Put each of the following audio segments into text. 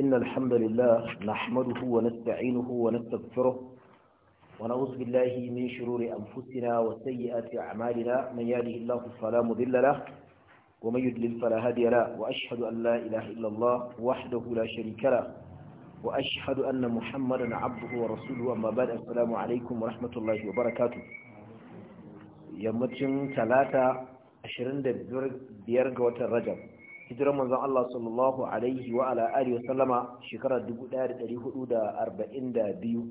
إن الحمد لله نحمده ونستعينه ونستغفره ونعوذ بالله من شرور أنفسنا وسيئات أعمالنا من يهده الله فلا مضل له ومن يضلل فلا هادي له وأشهد أن لا إله إلا الله وحده لا شريك له وأشهد أن محمدا عبده ورسوله أما بعد السلام عليكم ورحمة الله وبركاته يمتن ثلاثة عشرين بيرغ وترجم hijirar manzon Allah sallallahu alaihi wa ala alihi wa sallama shekarar 1442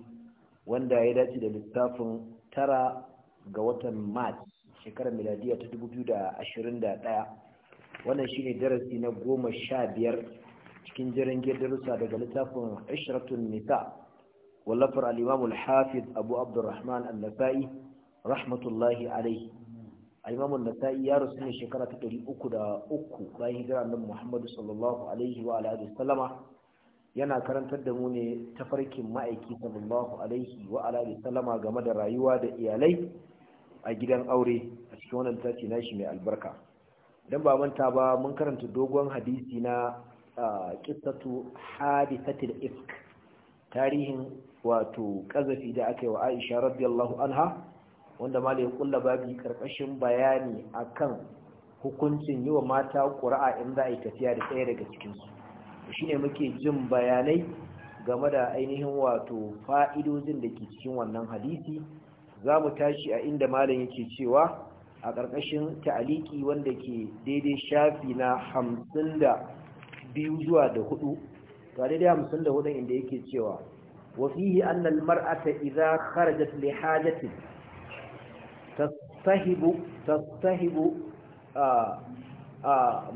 wanda ya dace da littafin tara ga watan Mars shekarar miladiya ta 2021 wannan shine darasi na goma sha biyar cikin jirin darussa daga littafin Ishratun Nisa wallafar al imamul hafiz Abu Abdurrahman An-Nasa'i rahmatullahi alaihi al da ta nasai ya rasu ne shekara ta ɗari bayan hijira uku bayan sallallahu alaihi wa alihi yana karantar da mu ne tafarkin ma'aiki sallallahu alaihi wa game da rayuwa da iyalai a gidan aure a cikin wannan tace nashi mai albarka dan ba manta ba mun karanta dogon hadisi na qissatu hadithatil ifk tarihin wato kazafi da aka yi wa Aisha radiyallahu anha wanda ma ya kulla babi karkashin bayani akan hukuncin yi wa mata ƙura'a in za a yi tafiya da ɗaya daga cikinsu shi ne muke jin bayanai game da ainihin wato fa'idojin da ke cikin wannan hadisi za mu tashi a inda malam yake cewa a ƙarƙashin ta'aliki wanda ke daidai shafi na hamsin da biyu zuwa da hudu ga daidai hamsin da hudun inda yake cewa wafihi annal mar'ata idza kharajat li hajatin tastahibu tastahibu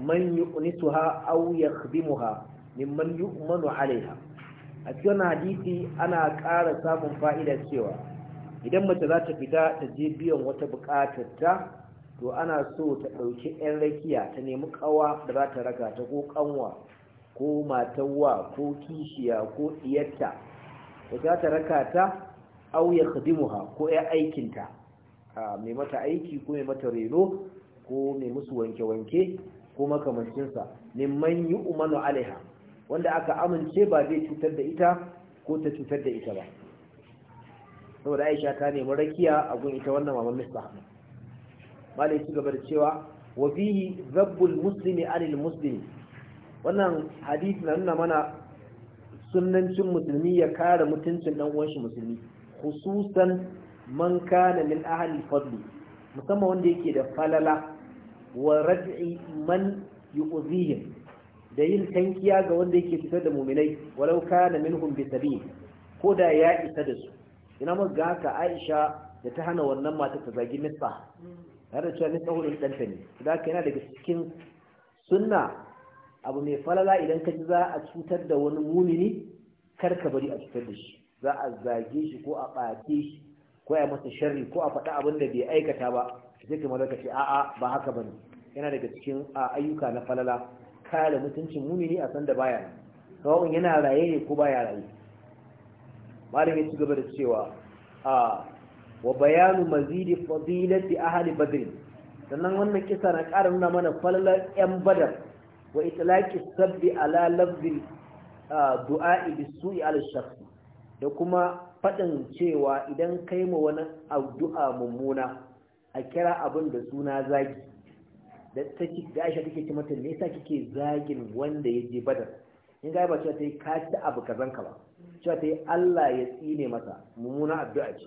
man yuqnisuha aw yakhdimuha mimman yu'manu alaiha a cikin hadisi ana ƙara samun fa'ida cewa idan mace za ta fita ta je biyan wata ta, to ana so ta ɗauki 'yan rakiya ta nemi ƙawa da za ta raka ta ko ƙanwa ko matawa ko kishiya ko ɗiyarta da za ta raka ta auya khadimuha ko ya aikinta mai mata aiki ko mai mata reno ko mai musu wanke-wanke ko makamancinsa neman yi umarnu alaiha wanda aka amince ba zai cutar da ita ko ta cutar da ita ba saboda aisha ta nemi rakiya a gun ita wannan Mamman mista malai ci gaba da cewa wa fihi zabbul muslimi anil muslimi wannan hadisi na nuna mana sunancin musulmi ya kare mutuncin dan uwan musulmi hususan. man kana min ahli fadli musamman wanda yake da falala wa raj'i man yu'zihim da yin tankiya ga wanda yake fitar da mu'minai walau kana minhum bi sabil ko da ya isa da su ina ma ga ka Aisha da ta hana wannan mata ta zagi nisa har da cewa nisa din danta ne da ka yana daga cikin sunna abu mai falala idan ka ji za a cutar da wani mumini kar ka bari a cutar da shi za a zage shi ko a ɓace shi ko ya masa sharri ko a faɗa abin da bai aikata ba sai kuma zaka ce a'a ba haka bane yana daga cikin ayyuka na falala kare mutuncin mumini a san da baya kawai yana raye ne ko baya raye malam ya ci gaba da cewa a wa bayanu mazidi fadilati ahli badr sannan wannan kisa na ƙara nuna mana falalar yan badar wa itlaqi sabbi ala lafzi du'a bisu'i ala shakhs da kuma faɗin cewa idan kai ma wani addu'a mummuna a kira abin da suna zagi da take da Aisha take ce mata me yasa kike zagin wanda ya je Badar in ga ba cewa tai ka ci abu kazan ka ba cewa yi Allah ya tsine masa mummuna addu'a ce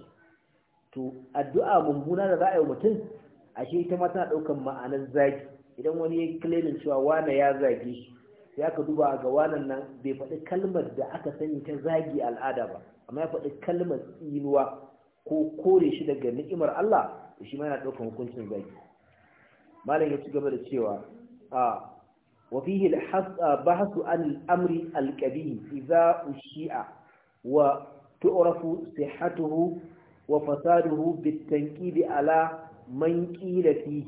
to addu'a mummuna da za a yi mutum ashe ita ma tana ɗaukar ma'anar zagi idan wani ya claimin cewa wane ya zage shi ya ka duba ga wanan nan bai faɗi kalmar da aka sani ta zagi al'ada ba amma ya faɗi kalmar tsinuwa ko kore shi daga ni'imar Allah to shi ma yana ɗaukar hukuncin zagi malam ya ci gaba da cewa a wa fihi bahasu an amri alqabi idza ushi'a wa tu'rafu sihhatuhu wa fasaduhu bitanqidi ala man qila fihi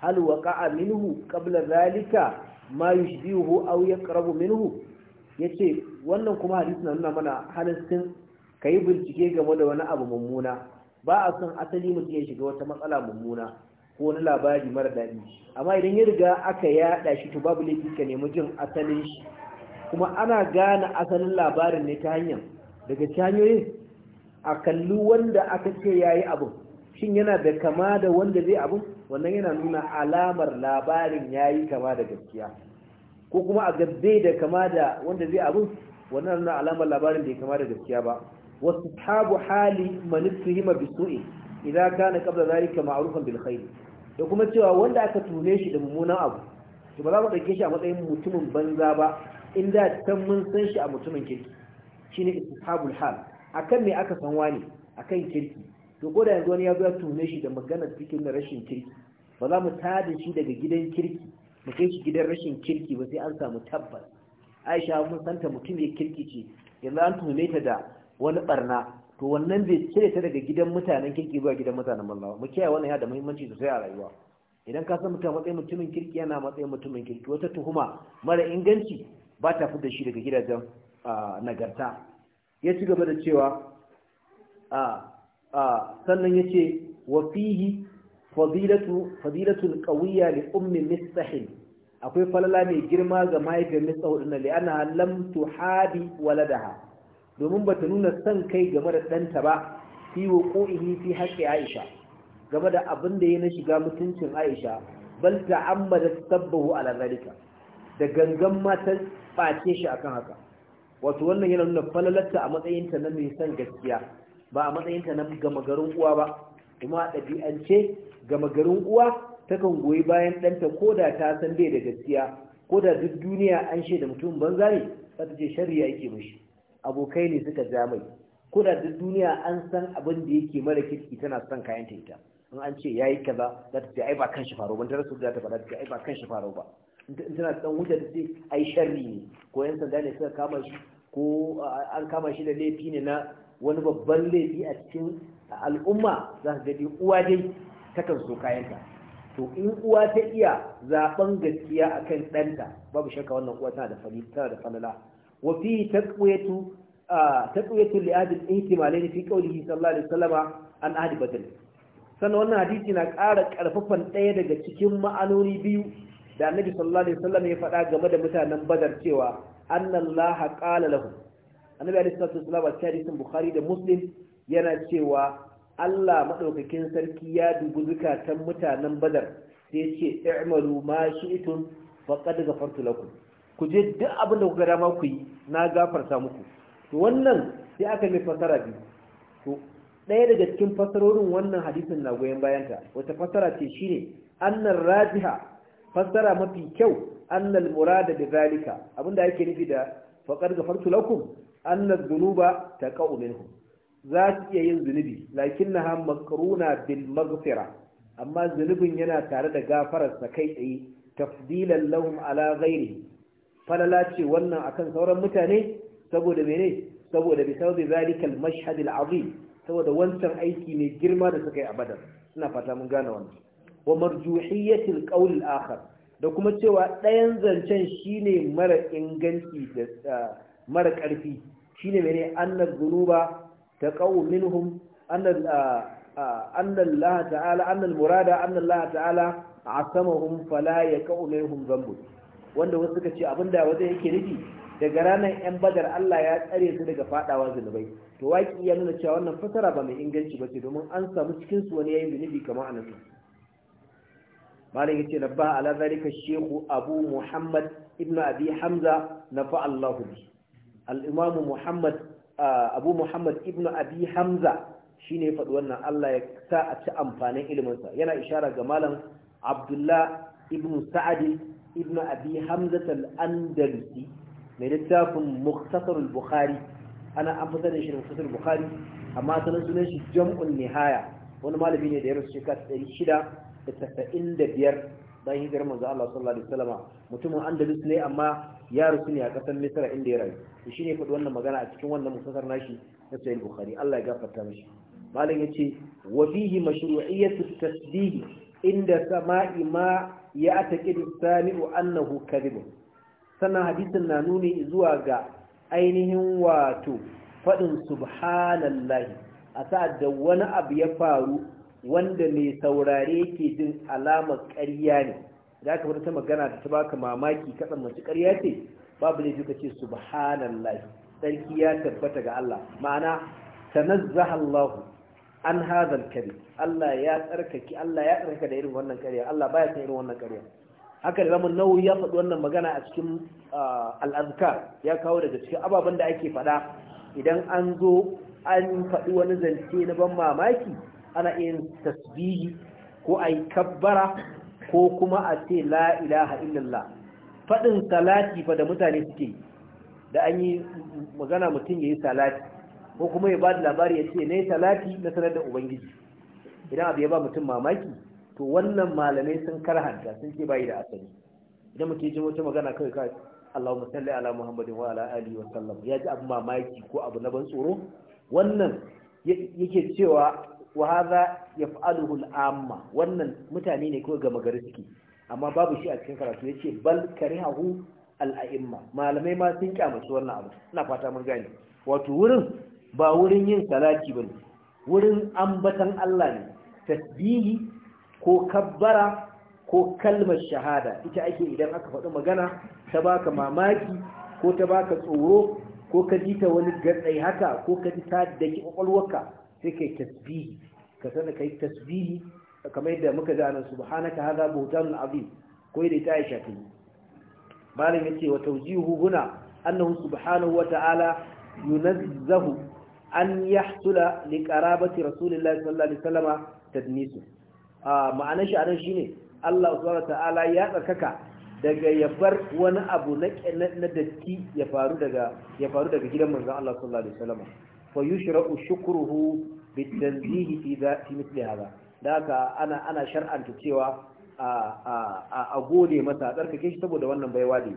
hal waqa'a minhu qabla dhalika ma yushbihu aw yaqrabu minhu yace wannan kuma hadisi na nuna mana halittin ka yi bincike game da wani abu mummuna ba a son asali mutum ya shiga wata matsala mummuna ko wani labari mara daɗi amma idan ya riga aka yaɗa shi to babu laifi ka nemi jin asalin shi kuma ana gane asalin labarin ne ta hanyar daga ta hanyoyin a kalli wanda aka ce ya yi abin shin yana da kama da wanda zai abin wannan yana nuna alamar labarin ya yi kama da gaskiya ko kuma a gabbe da kama da wanda zai abin wannan nuna alamar labarin da ya kama da gaskiya ba واستحاب حال من اتهم بسوء إذا كان قبل ذلك معروفا بالخير da kuma cewa wanda aka tune shi da mummunan abu to ba za mu ɗauke shi a matsayin mutumin banza ba in da can mun san shi a mutumin kirki shine istihabul hal akan me aka san wani akan kirki to ko da yanzu wani ya zo ya tune shi da magana cikin rashin kirki ba za mu tada shi daga gidan kirki mu kai shi gidan rashin kirki ba sai an samu tabbas aisha mun santa mutum ya kirki ce yanzu an tune ta da wani barna to wannan bai cire ta daga gidan mutanen kirki zuwa gidan mutanen mallawa mu kiyaye wannan ya da muhimmanci sosai a rayuwa idan ka san mutum matsayin mutumin kirki yana matsayin mutumin kirki wata tuhuma mara inganci ba ta fi da shi daga gidajen nagarta ya ci gaba da cewa sannan ya ce wa fihi fadilatun ƙawiyya li ummi mistahin akwai falala mai girma ga mahaifiyar mistahu ɗin li'ana lam tuhadi waladaha domin ba ta nuna son kai game da ɗanta ba fi wuqu'ihi fi haqqi Aisha game da abin da ya na shiga mutuncin Aisha bal ta'ammadat sabbahu ala zalika da gangan mata face shi akan haka wato wannan yana nuna falalarta a matsayinta na mai son gaskiya ba a matsayinta na gama garin uwa ba kuma a ɗabi'ance gama garin uwa takan goyi bayan ɗanta ko da ta san bai da gaskiya ko da duk duniya an shaida mutum banza ne ta ce shari'a yake mashi abokai ne suka ja mai ko da duniya an san abin da yake mara kirki tana son kayan ta ita in an ce yayi kaza za ta ce ai ba kan shi faro ban ta za ta faɗa ta ai ba kan shi faro ba in tana son wuce ta ce ai sharri ne ko yan sanda ne suka kama shi ko an kama shi da laifi ne na wani babban laifi a cikin al'umma za ka ga uwa dai takan so kayanta to in uwa ta iya zaben gaskiya akan ɗanta babu shakka wannan uwa tana da tana da falala wa fi taqwiyatu taqwiyatu li ahli al-ihtimalain fi qawlihi sallallahu alaihi wasallam an ahli badal sannan wannan hadisi na ƙara ƙarfafan ɗaya daga cikin ma'anoni biyu da annabi sallallahu alaihi wasallam ya faɗa game da mutanen badar cewa annallaha qala lahum annabi alaihi salatu wasallam a hadisin bukhari da muslim yana cewa Allah madaukakin sarki ya dubi zukatan mutanen badar sai ce i'malu ma shi'tum faqad ghafartu lakum ku je duk abin da kuka dama ku yi na gafarta muku to wannan sai aka mai fasara biyu to ɗaya daga cikin fasarorin wannan hadisin na goyon bayanta wata fasara ce shine annar rajiha fasara mafi kyau annal murada bi zalika abinda yake nufi da faqad ghafartu lakum anna dhunuba taqa'u minhum za su iya yin zunubi lakinnaha makruna bil maghfira amma zunubin yana tare da gafarar sa kai tsaye tafdilan lahum ala ghairihi falala ce wannan akan sauran mutane saboda mene saboda bi sababi zalikal mashhad azim saboda wancan aiki ne girma da suka yi a badar ina fata mun gane wannan wa marjuhiyatil qawl akhar da kuma cewa ɗayan zancen shine mara inganci da mara ƙarfi shine mene annal zunuba taqaw minhum annal annal Allah ta'ala annal murada annal Allah ta'ala asamahum fala yaqaw minhum dhanbun wanda wasu suka ce abinda wajen yake nufi daga ranar 'yan badar Allah ya tsare su daga fadawa zunubai to waki ya nuna cewa wannan fasara ba mai inganci ba ce domin an samu cikin su wani yayin zunubi kamar anan malam yace nabba ala zalika shehu abu muhammad ibn abi hamza nafa Allah bi al-imam muhammad abu muhammad ibn abi hamza shine ya faɗi wannan Allah ya sa a ci amfanin sa yana ishara ga malam abdullah ibn sa'adi ibn abi hamzat al-andalusi mai littafin muktasar bukhari ana an da shi da muktasar bukhari amma sanin sunan shi jam'un nihaya wani malami ne da ya rasu shekara ɗari shida da tasa'in da biyar bayan hijirar manzo Allah sallallahu alaihi wasallam mutumin andalus ne amma ya rasu ne a ƙasar misra inda ya rayu shi ne faɗi wannan magana a cikin wannan muktasar nashi na sahih bukhari Allah ya gafarta mishi malam yace wa fihi mashru'iyyatu tasbihi inda sama'i ma ya ataqidu sami'u annahu kadhib sannan hadisin na nuni zuwa ga ainihin wato faɗin subhanallahi a sa'ad da wani abu ya faru wanda mai saurare ke jin alamar ƙarya ne da aka wata magana da ta baka mamaki kasan mace ƙarya ce babu laifi ka ce subhanallahi sarki ya tabbata ga Allah ma'ana tanazzaha Allah an hadha al Allah ya tsarkake Allah ya tsarkake da irin wannan ƙarya Allah baya san irin wannan ƙarya haka da nau ya faɗi wannan magana a cikin al'azkar ya kawo daga cikin ababen da ake faɗa idan an zo an faɗi wani zance na ban mamaki ana iya tasbihi ko a yi kabbara ko kuma a ce la ilaha illallah faɗin salati fa da mutane suke da an yi magana mutum ya yi salati ko kuma ya ba da labari ya ce na yi salati na sanar da ubangiji idan abu ya ba mutum mamaki to wannan malamai sun karhanta sun ce bai da asali idan mutum ya ji wata magana kai ka Allahumma salli ala Muhammadin wa ala alihi wa sallam ya ji abu mamaki ko abu na ban tsoro wannan yake cewa wa hadha yaf'aluhu al-amma wannan mutane ne kawai gama gari suke amma babu shi a cikin karatu yace bal karihahu al-a'imma malamai ma sun kyamaci wannan abu ina fata mun gane wato wurin ba wurin yin salati bane wurin ambatan Allah ne tasbihi ko kabbara ko kalmar shahada ita ake idan aka faɗi magana ta baka mamaki ko ta baka tsoro ko ka ji ta wani gatsai haka ko ka ji ta daki kwakwalwarka sai kai tasbihi ka sanar kai tasbihi kamar yadda muka ji anan subhanaka hadha buhtanun azim ko da ta Aisha ta yi malam yace wa tawjihu huna annahu subhanahu wa ta'ala yunazzahu an yahsula liqarabati rasulillahi sallallahu alaihi wasallama tadnisu ma'anar shi anan shine Allah subhanahu ta'ala ya tsarkaka daga ya bar wani abu na na datti ya faru daga gidan manzon Allah sallallahu alaihi wasallam fa yushra'u shukruhu bitanzihi fi da fi mithli hada daka ana ana shar'anta cewa a a a gode masa tsarkake shi saboda wannan baiwa da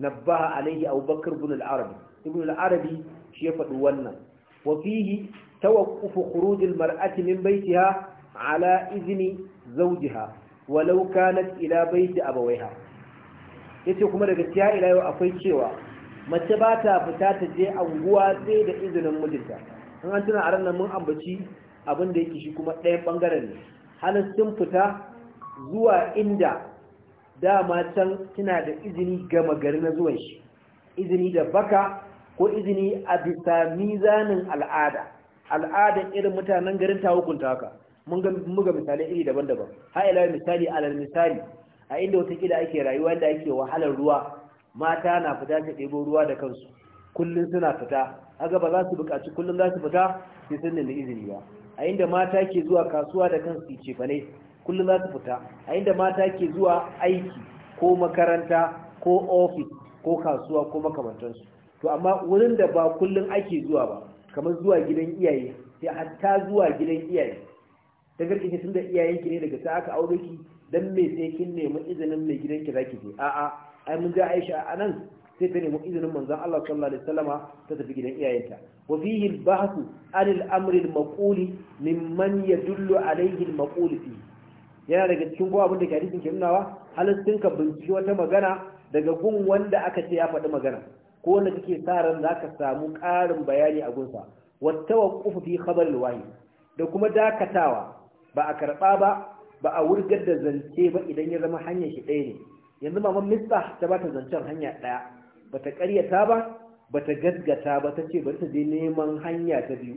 nabbaha alaihi abubakar ibn al-arabi ibn al-arabi shi ya faɗi wannan wa fihi توقف خروج المرأة من بيتها على إذن زوجها ولو كانت إلى بيت أبويها yace kuma daga ciya ila yau akwai cewa mace ba ta fita ta je anguwa sai da izinin mijinta in an tuna a ranar mun ambaci abin da yake shi kuma ɗayan ɓangaren ne halin sun fita zuwa inda dama can tana da izini gama gari na zuwan shi izini da baka ko izini a bisa mizanin al'ada al'adan irin mutanen garin ta hukunta haka mun ga muga misalai iri daban-daban har ila misali alal misali a inda gida ake rayuwa da ake wahalar ruwa mata na fita ta ɗebo ruwa da kansu kullum suna fita aga ba za su buƙaci kullum za su fita sai sun nemi izini ba a inda mata ke zuwa kasuwa da kansu cefane kullum za su fita a inda mata ke zuwa aiki ko makaranta ko ofis ko kasuwa ko makamantansu to amma wurin da ba kullun ake zuwa ba kamar zuwa gidan iyaye sai hatta zuwa gidan iyaye ta garke ki tunda iyayenki ne daga sai aka aure ki dan me sai kin nemi izinin mai gidanki zaki je a'a ai mun ga Aisha anan sai ta nemi izinin manzon Allah sallallahu alaihi wasallama ta tafi gidan iyayenta wa fihi al-bahth an al-maqul mimman yadullu alayhi al-maqul fi yana daga cikin ko abin da ke hadisin ke nunawa halin sun ka binciki wata magana daga gun wanda aka ce ya faɗi magana ko wanda kake sa ran za ka samu ƙarin bayani a gunsa wata wa fi khabaril wahi da kuma dakatawa ba a karɓa ba ba a wurgar da zance ba idan ya zama hanyar shi ɗaya ne yanzu mama mista ta bata zancen hanya ɗaya ba ta ƙaryata ba ba ta gaggata ba ta ce bari ta je neman hanya ta biyu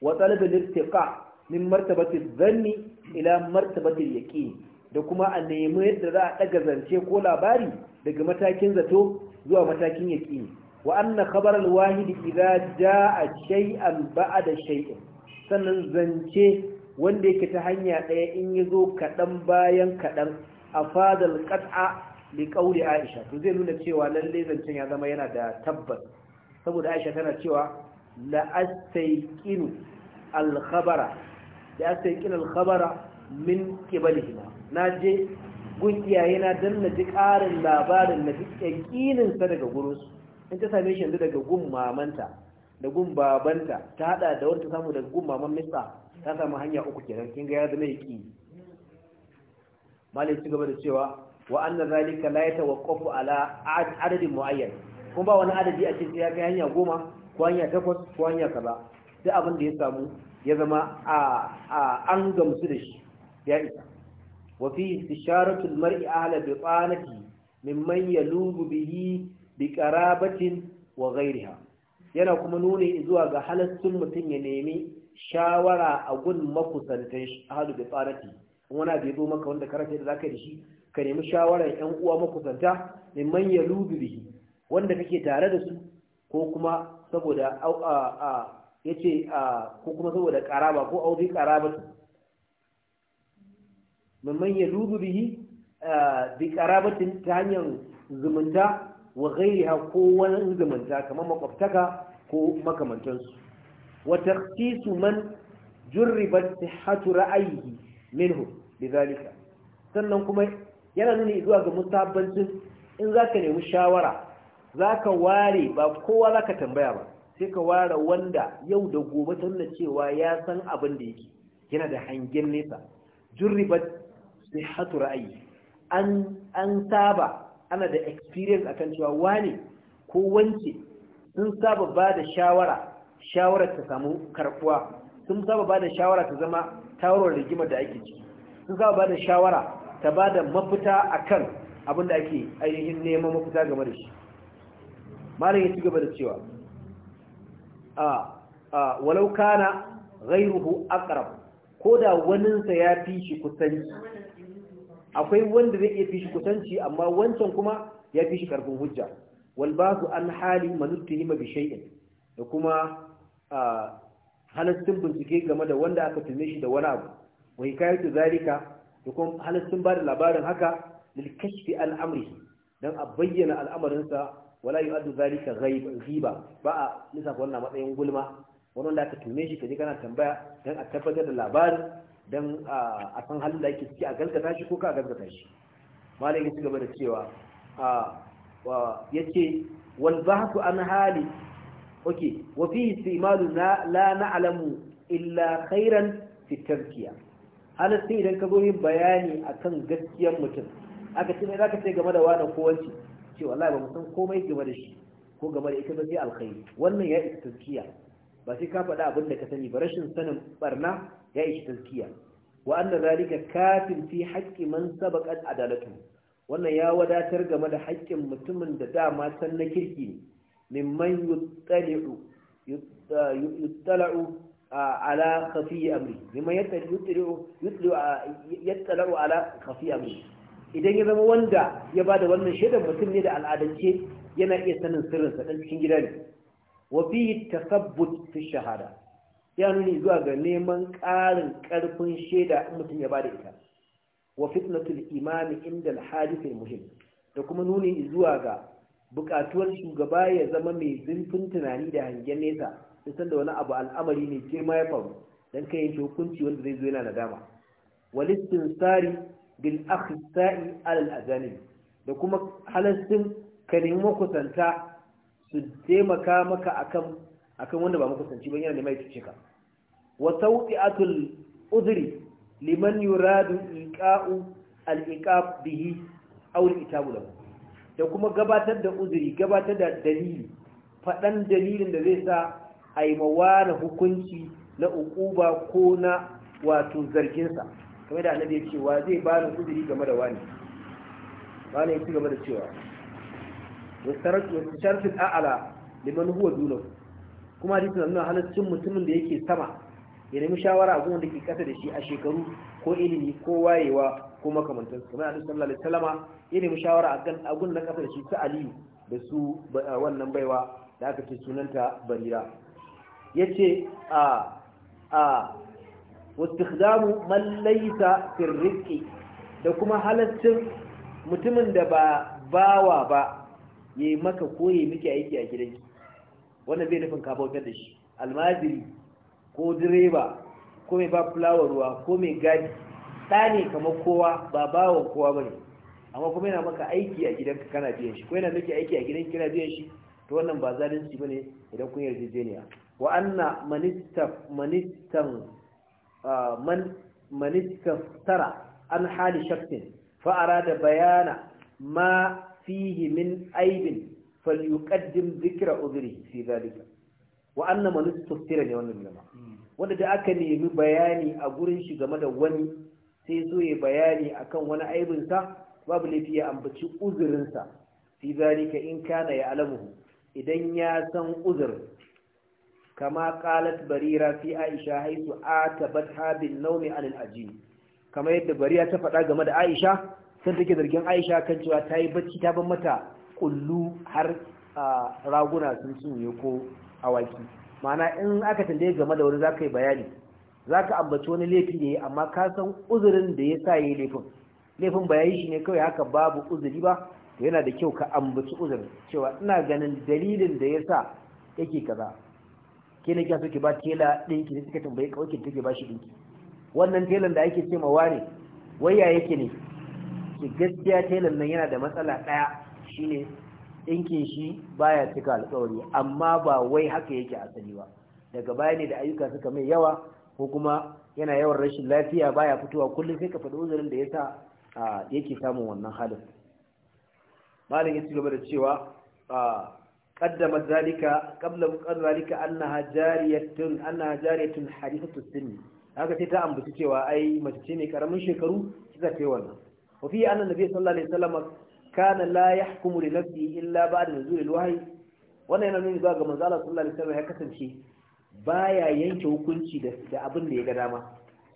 wa talabul irtiqa min martabati dhanni ila martabati yaqin da kuma a nemi yadda za a ɗaga zance ko labari daga matakin zato zuwa matakin yaƙini wa'anna kabarar khabar al-wahid idza jaa shay'an ba'da shay'in sannan zance wanda yake ta hanya daya in yazo kadan bayan kadan afadal qat'a li qawli aisha to zai nuna cewa lallai zancen ya zama yana da tabbas saboda aisha tana cewa la astayqinu al-khabara la astayqinu al-khabara min qibalihima naje gun iyayena dan naji karin labarin naji yakininsa daga gurinsu in ta same shi yanzu daga gun mamanta da gun babanta ta hada da wata samu daga gun maman mista ta samu hanya uku kenan kin ga ya zama yaki malai ci gaba da cewa wa anna zalika la yatawaqqafu ala adadin muayyan kuma ba wani adadi a cikin ya kai hanya goma ko hanya takwas ko hanya kaza duk abin da ya samu ya zama a an gamsu da shi ya isa wa fi istisharatu mar'i ahla bi qanati mimman yalubu bihi bi qarabatin wa ghayriha yana kuma nuni zuwa ga halattun mutum ya nemi shawara a gun makusantan shi ahadu bi tsarati wani abu ya zo maka wanda karanta da zaka yi da shi ka nemi shawara yan uwa makusanta min man lubi bihi wanda kake tare da su ko kuma saboda yace ko kuma saboda karaba ko auzi karabatu min man yalubu bihi bi karabatin ta hanyar zumunta wa ghayriha ko wani zumunta kamar makwabtaka ko makamantansu wa taqtisu man jurribat sihhatu ra'ayihi minhu bidhalika sannan kuma yana nuni zuwa ga musabbancin in zaka nemi shawara zaka ware ba kowa zaka tambaya ba sai ka ware wanda yau da gobe ta nuna cewa ya san abin da yake yana da hangen nesa jurribat sihhatu ra'ayi an saba ana da experience akan cewa wane ko wance sun saba ba da shawara shawara ta samu karbuwa sun saba ba da shawara ta zama tawar rigimar da ake ciki sun saba ba da shawara ta ba da mafita akan abin da ake ainihin neman mafita game da shi malam ya ci gaba da cewa a walau kana ghairuhu ko da waninsa ya fi shi kusanci akwai wanda zai iya fishi kusanci amma wancan kuma ya fishi karfin hujja wal ba'du an hali manuttihima bi shay'in da kuma halattun bincike game da wanda aka tume shi da wani abu wa hikayatu zalika da kuma halattun ba da labarin haka lil kashfi al amri dan a bayyana al'amarinsa wala yu'addu zalika ghiba ba a nisa wannan matsayin gulma wannan da aka tume shi kaje kana tambaya dan a tabbatar da labarin don a san halin da ake ciki a gaskata shi ko ka gaskata shi malam ya cigaba gaba da cewa ya ce wal haku an hali ok Wafi fi la na'alamu illa khairan fi tarkiya ana sai idan ka zo yin bayani akan gaskiyar mutum aka ce mai ka ce game da wani ko wanci ce ba mu san komai game da shi ko game da ita ba sai alkhairi wannan ya isa tarkiya ba sai ka faɗa abin da ka sani ba rashin sanin barna ya ishi taskiya wa anna zalika kafin fi haqqi man sabaqat adalatu wannan ya wadatar game da haƙƙin mutumin da dama san na kirki ne mimman yuttali'u yuttala'u ala khafi amri mimman yuttali'u yuttala'u ala khafi amri idan ya zama wanda ya bada wannan shaidar mutum ne da al'adance yana iya sanin sirrinsa dan cikin gida ne wa fihi tasabbut fi shahada ya nuni zuwa ga neman ƙarin ƙarfin shaida in mutum ya bada ita wa fitnatul imami inda al muhim da kuma nuni zuwa ga buƙatuwar shugaba ya zama mai zurfin tunani da hangen nesa san da wani abu al'amari ne girma ya faru dan kai yanke hukunci wanda zai zo yana nadama walistin sari bil akhsa'i al ajanibi da kuma halastin ka nemi makusanta su taimaka maka akan akan wanda ba makusanci ba yana neman ya cuce ka wa sauqi'atul udri liman yuradu iqa'u al-iqab bihi aw al-itabu lahu da kuma gabatar da uzuri gabatar da dalili faɗan dalilin da zai sa a yi mawana hukunci na ukuba ko na wato zarginsa kuma da annabi yake cewa zai ba da uzuri game da wani wani ya ci game da cewa wasu al a'la liman huwa dunahu kuma hadisi na nuna halaccin mutumin da yake sama ya nemi shawara a gun da ke kasa da shi a shekaru ko ilimi ko wayewa ko makamantansu kamar hadisi sallallahu alaihi wasallama ya nemi shawara a kan agun na kasa da shi ta aliyu da su wannan baiwa da aka ce sunanta barira yace a a wastikhdamu man laysa fi rizqi da kuma halaccin mutumin da ba bawa ba yayi maka ko yayi miki aiki a gidanki wannan zai nufin ka bautar da shi almajiri ko direba ko mai ba fulawa ruwa ko mai gadi ta ne kamar kowa ba bawan kowa ba ne amma kuma yana maka aiki a gidanka kana biyan shi ko yana miki aiki a gidanka kana biyan shi to wannan ba zalunci ne idan kun yarda yarjejeniya wa anna manista manistan man manistaftara an hali shakkin fa'ara da bayana ma fihi aibin falyuqaddim dhikra udhrihi fi dhalika wa anna man istufsira ne wannan ulama wanda da aka nemi bayani a gurin shi game da wani sai so ya bayani akan wani aibin sa babu laifi ya ambaci uzurin sa fi dhalika in kana ya alamu idan ya san uzur, kama qalat barira fi aisha haythu atabat habin nawmi al ajin Kama yadda bariya ta faɗa game da aisha sun take zargin aisha kan cewa ta yi bacci ta ban mata kullu har raguna sun cinye ko awaki ma'ana in aka tambaye game da wani za ka bayani za ka ambaci wani laifi ne amma ka san uzurin da ya sa yi laifin laifin bayani shi ne kawai haka babu uzuri ba to yana da kyau ka ambaci uzurin cewa ina ganin dalilin da ya sa yake kaza ke ne kyaso ki ba tela ɗinki da suka tambaye kawakin take ba shi ɗinki wannan telan da ake ce ma wane waya yake ne ki gaskiya telan nan yana da matsala ɗaya ne ɗinkin shi baya cika alƙawari amma ba wai haka yake asali ba daga baya ne da ayyuka suka mai yawa ko kuma yana yawan rashin lafiya baya fitowa kullum sai ka faɗi uzurin da sa yake samun wannan halin malam ya cigaba da cewa قدمت ذلك قبل مقر ذلك أنها جارية أنها جارية حديثة السن هذا تيتا أم بتشي وأي مجتمع كرم kana la ya yahkumu li nafsihi illa ba'da nuzulil wahyi wannan yana nuni ga manzo Allah sallallahu alaihi wasallam ya kasance baya yanke hukunci da da abin da ya ga dama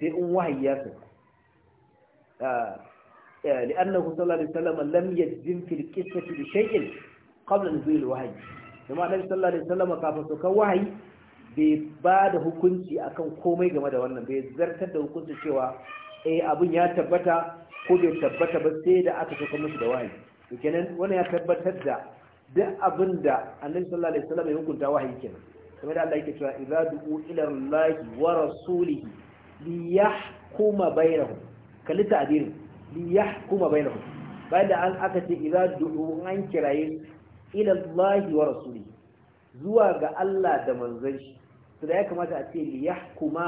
sai in wahayi ya sa لأنه صلى الله عليه وسلم لم يجزم في القصة بشيء قبل نزول الوحي kuma annabi sallallahu alaihi wasallam kafin saukar wahayi bai ba da hukunci akan komai game da wannan bai zartar da hukunci cewa eh abun ya tabbata ko bai tabbata ba sai da aka saka musu da wahayi to kenan wani ya tabbatar da duk abin da annabi sallallahu alaihi wasallam ya hukunta wahayi kenan kamar da Allah yake cewa idza du'u ila allahi wa rasulihi li yahkuma bainahum kalli ta'dirin li yahkuma bainahum bayan da aka ce idza du'u an kiraye ila allahi wa rasulihi zuwa ga Allah da manzon shi to da ya kamata a ce li yahkuma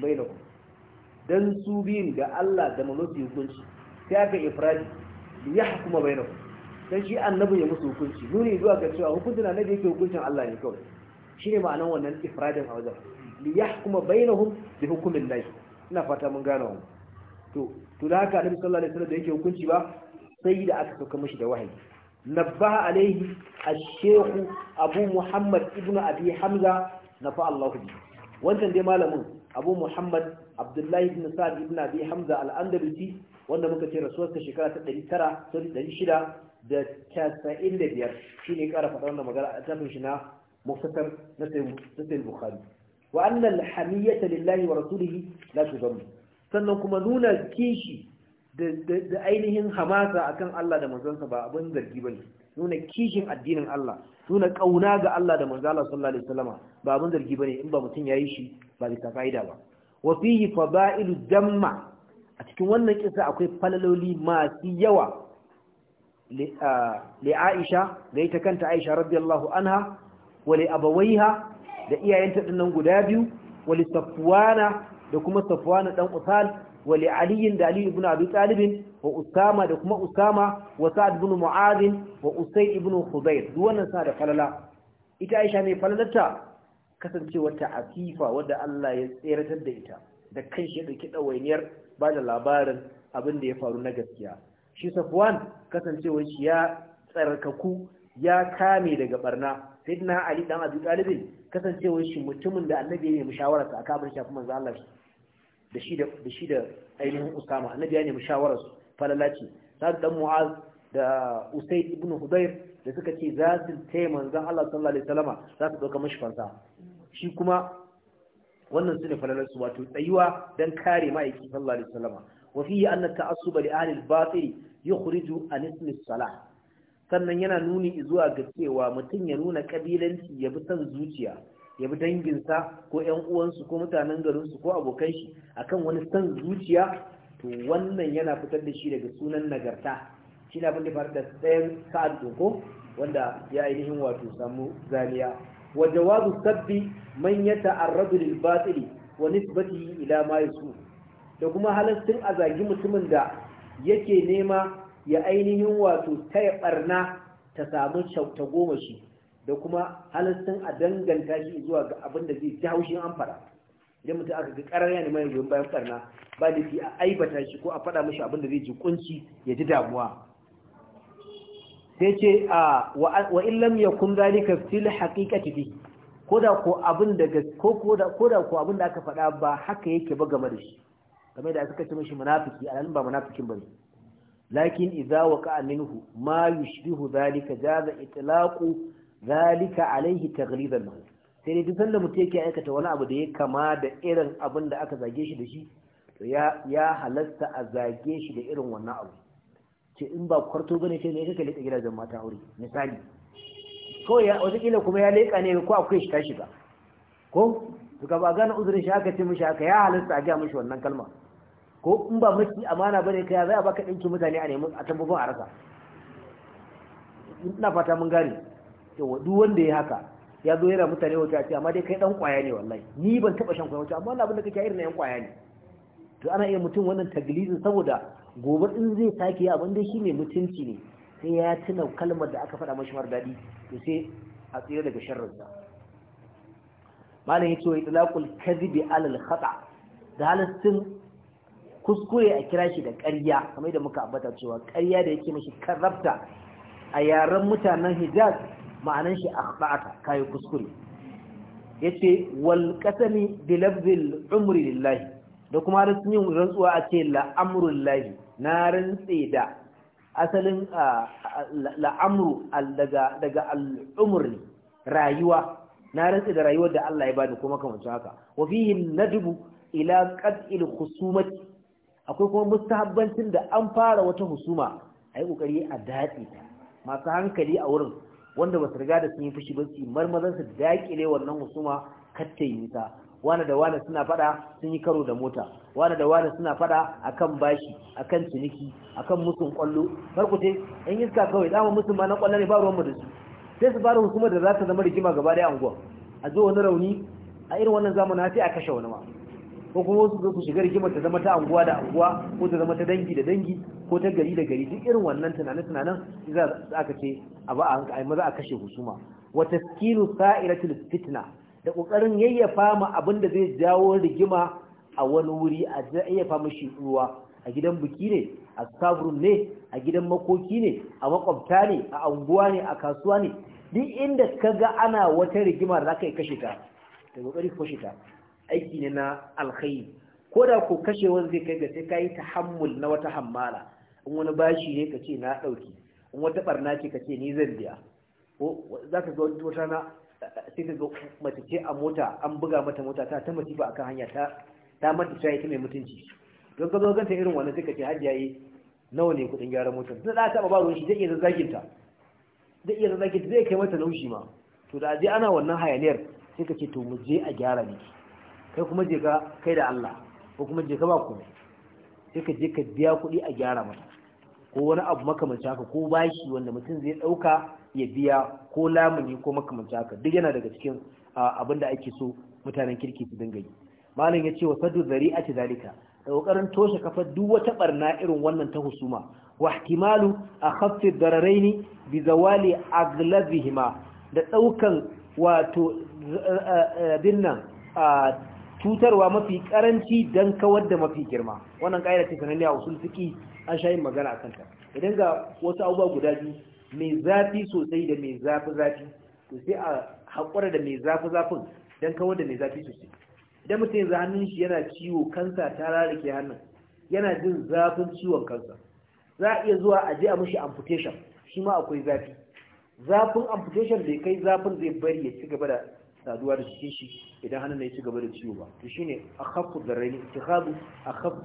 bainahum dan su biyun ga Allah da manzo hukunci sai aka ifradi ya hukuma bainahu dan shi annabi ya musu hukunci nuni zuwa ga cewa hukuncin annabi yake hukuncin Allah ne kawai shine ma'anar wannan ifradin a wajen li yahkuma bainahum bi hukmin lahi ina fata mun gane wannan to to da haka annabi sallallahu alaihi wasallam da yake hukunci ba sai da aka sauka mishi da wahayi nabbaha alaihi ash-shaykh abu muhammad ibnu abi hamza nafa Allahu bi wannan dai malamin abu muhammad abdullahi ibn sa'ad ibn abi hamza al-andalusi wanda muka ce rasuwarsa shekara ta 995 shine kara faɗa da magana a tafin shi na muftasar na sayyid bukhari wa anna al-hamiyata lillahi wa rasulihi la tudam sannan kuma nuna kishi da ainihin hamasa akan Allah da manzonsa ba abin zargi bane nuna kishin addinin Allah Suna kauna ga Allah da manzo Allah sallallahu alaihi wasallama ba abin zargi bane in ba mutum yayi shi ba bisa fa'ida ba wa fihi fada'ilu damma a cikin wannan kisa akwai falaloli masu yawa li Aisha da ita kanta Aisha radiyallahu anha wa li abawaiha da iyayenta dinnan guda biyu wa li Safwana da kuma Safwana dan Usal wa li da Ali ibn Abi Talib wa usama da kuma usama wa sa'ad ibn mu'adh wa usay ibn khudayr duk wannan sa da falala ita aisha mai falalarta ta asifa wadda Allah ya tseratar da ita da kanshi ya dauki dawainiyar ba da labarin abin da ya faru na gaskiya shi safwan kasancewar shi ya tsarkaku ya kame daga barna sayyidina ali dan abi talib kasancewar shi mutumin da annabi ya yi shawara sa aka bar shafi manzo Allah da shi da da shi da ainihin usama annabi ya nemi su falala ce sa'ad dan mu'az da usaid ibn hudayr da suka ce za su taya manzon Allah sallallahu alaihi wasallama za su dauka mashi fansa shi kuma wannan sune falalar su wato tsayuwa dan kare ma'aiki sallallahu alaihi wasallama wa fihi anna ta'assuba li ahli al-batil yukhriju an ismi salah sannan yana nuni zuwa ga cewa mutum ya nuna kabilanci ya bi son zuciya ya bi danginsa ko ‘yan uwansu ko mutanen garinsu ko abokan shi akan wani san zuciya to wannan yana fitar da shi daga sunan nagarta shi na abin da tsayin sa'ad doko wanda ya ainihin wato samu zaniya wa wazu sabbi man ya ta'arradu lil wani wa nisbatihi ila ma yasu da kuma halastin a zagi mutumin da yake nema ya ainihin wato taya barna ta samu shauta goma shi da kuma halastin a danganta shi zuwa ga abin da zai ci haushin an idan mutum aka ga karar yana mai goyon bayan barna ba da fi a aibata shi ko a faɗa mashi abin da zai ji kunci ya ji damuwa sai ce a wa illam ya kun gani ka haqiqati bi koda ko abin da ko ko abin da aka faɗa ba haka yake ba game da shi game da suka ce mashi munafiki alhalin ba munafikin ne. lakin idza waqa minhu ma yushbihu zalika jaza itlaqu zalika alayhi taghliban lahu sai dai sanda mutum yake aikata wani abu da ya kama da irin abin da aka zage shi da shi to ya halasta a zage shi da irin wannan abu ce in ba kwarto bane ce ne kake leƙa gidajen mata aure misali kawai watakila kuma ya leƙa ne ko akwai shi tashi ba ko to ka ba gane uzurin shi aka ce mishi haka ya halasta a ga mishi wannan kalma ko in ba miki amana bane kai za a baka dinki mutane a nemi a tambobin a rasa ina fata mun gane to duk wanda ya haka ya zo yana mutane wata ce amma dai kai dan kwaya ne wallahi ni ban taba shan kwaya wata amma wannan abin da kake irin na yan kwaya ne to ana iya mutum wannan taglizin saboda gobe in zai sake ya abin shi shine mutunci ne sai ya tuna kalmar da aka faɗa mashi mar daɗi to sai a tsira daga sa malam yace wa itlaqul kadhibi alal khata da halin kuskure a kira shi da ƙarya kamar da muka ambata cewa ƙarya da yake mashi karrafta a yaren mutanen Hijaz ma'anan shi akhta'ata kai kuskure yace wal qasami bi lafzil umri lillahi da kuma yi rantsuwa a ce la lillahi na rantsi da asalin la'amru daga daga al'umri rayuwa na rantsi da rayuwar da Allah ya bani kuma kamar haka wa fihi nadbu ila qad'il khusumati akwai kuma mustahabbancin da an fara wata husuma ayi kokari a dadi ta masu hankali a wurin wanda ba su riga da sun yi fushi ba su marmazan su daƙile wannan husuma katta yi nisa wani da wani suna fada sun yi karo da mota wani da wani suna fada akan bashi akan ciniki akan musun kwallo barkute yan iska kawai dama musun ma na kwallo ne ba ruwan da su sai su fara hukumar da za ta zama rigima gaba da anguwa a zo wani rauni a irin wannan zamanin sai a kashe wani ma ko kuma wasu ku shiga rigimar ta zama ta anguwa da anguwa ko ta zama ta dangi da dangi ko ta gari da gari duk irin wannan tunane-tunanen za ka ce a ba a maza a kashe husuma wata skilu sa'iratul fitna da kokarin yayyafa ma abin da zai jawo rigima a wani wuri a yayyafa mu shi ruwa a gidan biki ne a sabrun ne a gidan makoki ne a makwabta ne a anguwa ne a kasuwa ne duk inda ka ga ana wata rigima da ka yi kashe ta da kokari kashe ta aiki ne na alkhairi ko da ko wani zai kai ga sai ka tahammul na wata hammala in wani bashi ne ka ce na dauki in wata barna ce ka ce ni zan biya ko za ka ga wata na sai ka ga mace ce a mota an buga mata mota ta ta mace ba akan hanya ta ta mata ta ta mai mutunci don ka zo ganta irin wannan sai ka ce hajji yayi eh, nawa ne kuɗin gyara motar da za ta ba ruwan shi zai iya zazzaginta zai iya zazzaginta zai kai mata laushi ma to da aje ana wannan hayaniyar sai ka ce to mu je a gyara miki kai kuma je ka kai da Allah ko kuma je ka ba kuma sai ka je ka biya kuɗi a gyara mata ko wani abu makamanci haka ko bashi wanda mutum zai ɗauka ya biya ko lamuni ko makamanci haka duk yana daga cikin abin da ake so mutanen kirki su dinga yi malam ya ce wa saddu zari'ati zalika da kokarin toshe kafar duk wata barna irin wannan ta husuma wa ihtimalu akhaffi dararaini bi zawali aglabihima da ɗaukan wato dinnan cutarwa mafi karanci don kawar da mafi girma wannan ƙa'ida ce sananne a usul fiki an sha yin magana a kanta idan ga wasu abubuwa guda biyu mai zafi sosai da mai zafi zafi to sai a haƙura da mai zafi zafin don kawar da mai zafi sosai idan mutum yanzu hannun shi yana ciwo kansa ta rarrake hannun yana jin zafin ciwon kansa za a iya zuwa a je a mishi amputation shi ma akwai zafi zafin amputation bai kai zafin zai bari ya ci gaba da saduwa da cikin shi idan hannun ya ci gaba da ciwo ba to shine akhaffu dararain ittikhadu akhaffu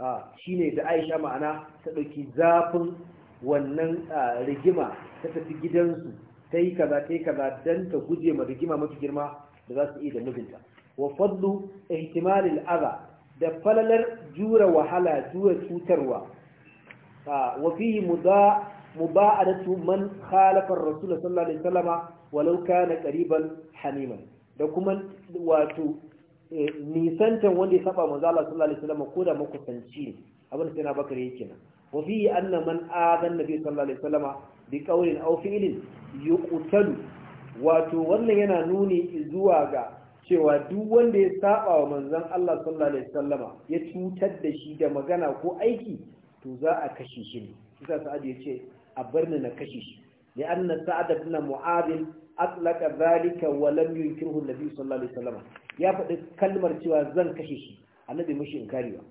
a shine da Aisha ma'ana ta ɗauki zafin wannan rigima ta tafi gidansu ta yi kaza ta yi kaza dan ta guje ma rigima mafi girma da za su yi da mijinta wa fadlu ihtimalil adha da falalar jura wahala jura cutarwa wa fihi muda muba'adatu man khalafa rasul sallallahu alaihi wasallama walau kana qariban hamiman da kuma wato eh, nisantan wanda ya saba manzo Allah sallallahu alaihi wasallama ko da makusanci ne abin da sai na yake kenan wa fi anna man adan nabi sallallahu alaihi wasallama bi qawlin aw fi'lin yuqtalu wato wannan yana nuni zuwa ga cewa duk wanda ya saba wa manzon Allah sallallahu alaihi wasallama ya cutar da shi da magana ko aiki to za a kashe shi ne sai sa'ad ya ce a barni na kashe shi li anna sa'ad ibn mu'adh atlaka zalika wa lam yunkirhu nabi sallallahu alaihi wasallam ya faɗi kalmar cewa zan kashe shi annabi mushi inkari ba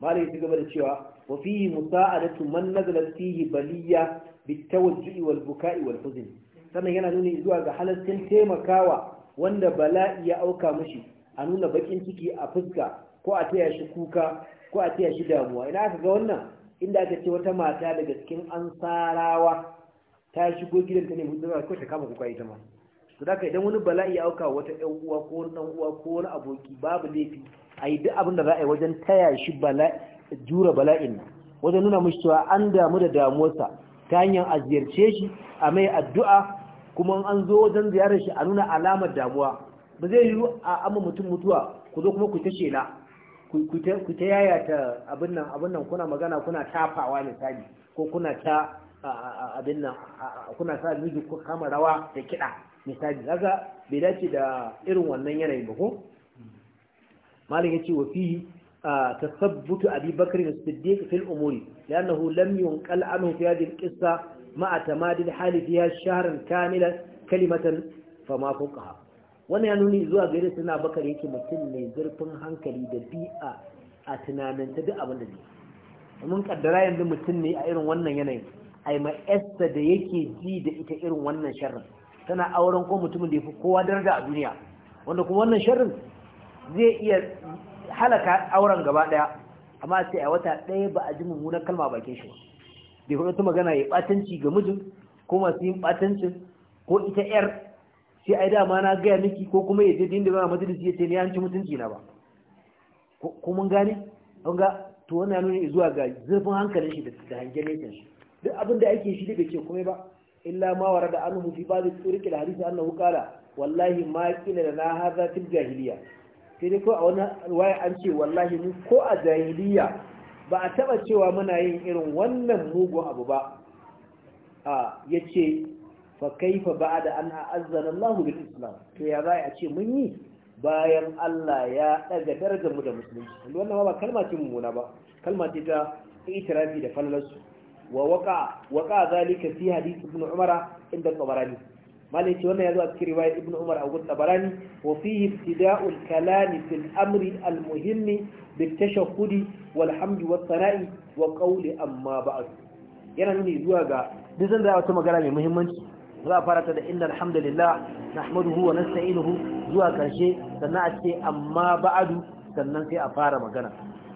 malai ya gaba da cewa wa fihi musa'adatu man nazalat fihi baliya bitawajju'i wal buka'i wal huzn sannan yana nuni zuwa ga halaccin taimakawa wanda bala'i ya auka mushi a nuna bakin ciki a fuska ko a taya shi kuka ko a taya shi damuwa ina aka ga wannan inda aka ce wata mata daga cikin ansarawa ta shigo gidan ta ne mutuwa ko ta kama kuka ita ma to da idan wani bala'i ya auka wata 'yan uwa ko wani uwa ko wani aboki babu laifi a yi duk abin da za a yi wajen taya shi jura bala'in nan wajen nuna mishi cewa an damu da damuwarsa ta hanyar a ziyarce shi a mai addu'a kuma an zo wajen ziyarar shi a nuna alamar damuwa ba zai yiwu a amma mutum mutuwa ku zo kuma ku tashe na. ku ta yayata abinnan abinnan kuna magana kuna tafawa misali ko kuna ta kuna sa miji ko kama rawa da kiɗa misali daga bai dace da irin wannan yanayin ba ko Malam ya ce wa fi tasabbutu abi bakr ibn siddiq fil umuri lannahu lam yunqal anhu fi hadhihi al-qissa ma atamadil hali fiha shahran kamilan kalimatan fama fuqaha wannan ya nuni zuwa gare suna bakar yake mutum mai zurfin hankali da bi'a a tunanin ta duk abin da ne mun kaddara yanzu mutum ne a irin wannan yanayin ai yi esta da yake ji da ita irin wannan sharrin tana auren ko mutumin da ya fi kowa daraja a duniya wanda kuma wannan sharrin zai iya halaka auren gaba daya amma sai a wata ɗaya ba a ji mummunan kalma bakin shi bai kuma magana ya batanci ga mijin ko masu yin batancin ko ita yar sai ai dama na gaya miki ko kuma ya je da ba majalisi ya ce ni an ci mutunci na ba ko mun gane an ga to wannan nuna zuwa ga zurfin hankalin shi da hangen nekin shi duk abin da ake shi da bai ce komai ba illa ma wara da anhu fi ba'd turuqil hadisi annahu qala wallahi ma kila lana hadha fil jahiliya sai dai ko a wani waya an ce wallahi mu ko a jahiliya ba a taba cewa muna yin irin wannan mugun abu ba a yace fa kaifa da an azzanallahu Allahu bil Islam to ya za a ce mun yi bayan Allah ya daga darajar mu da musulunci wannan ba kalma ce mummuna ba kalma ce ta itirafi da fallasu wa waqa waqa zalika fi hadith ibn Umar inda Tabarani malai ce wannan ya zo a cikin ibn Umar a gurin Tabarani wa fihi ibtida'ul kalam fil amri al muhimmi bit tashahhudi wal hamdi was sana'i wa qawli amma ba'd yana nuni zuwa ga duk zan da wata magana mai muhimmanci za a fara ta da inna alhamdulillah na nahmaduhu wa nasta'inuhu zuwa karshe sannan a ce amma ba'adu sannan sai a fara magana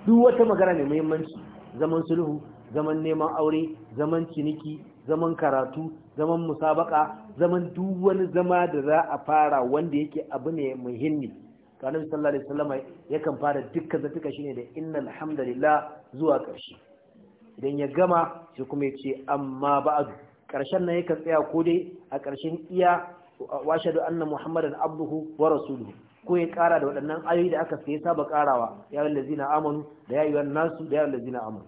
duk wata magana mai muhimmanci zaman sulhu zaman neman aure zaman ciniki zaman karatu zaman musabaka zaman duk wani zama da za a fara wanda yake abu ne muhimmi kanin sallallahu alaihi wasallam yakan fara dukkan zatuka shine da inna alhamdulillah zuwa ƙarshe idan ya gama shi kuma ya ce amma ba'adu ƙarshen nan yakan tsaya ko dai a ƙarshen iya da anna muhammadan abduhu wa ko ya ƙara da waɗannan ayoyi da aka sai saba ƙarawa ya yi lazina amanu da ya yi wani nasu da ya yi lazina amanu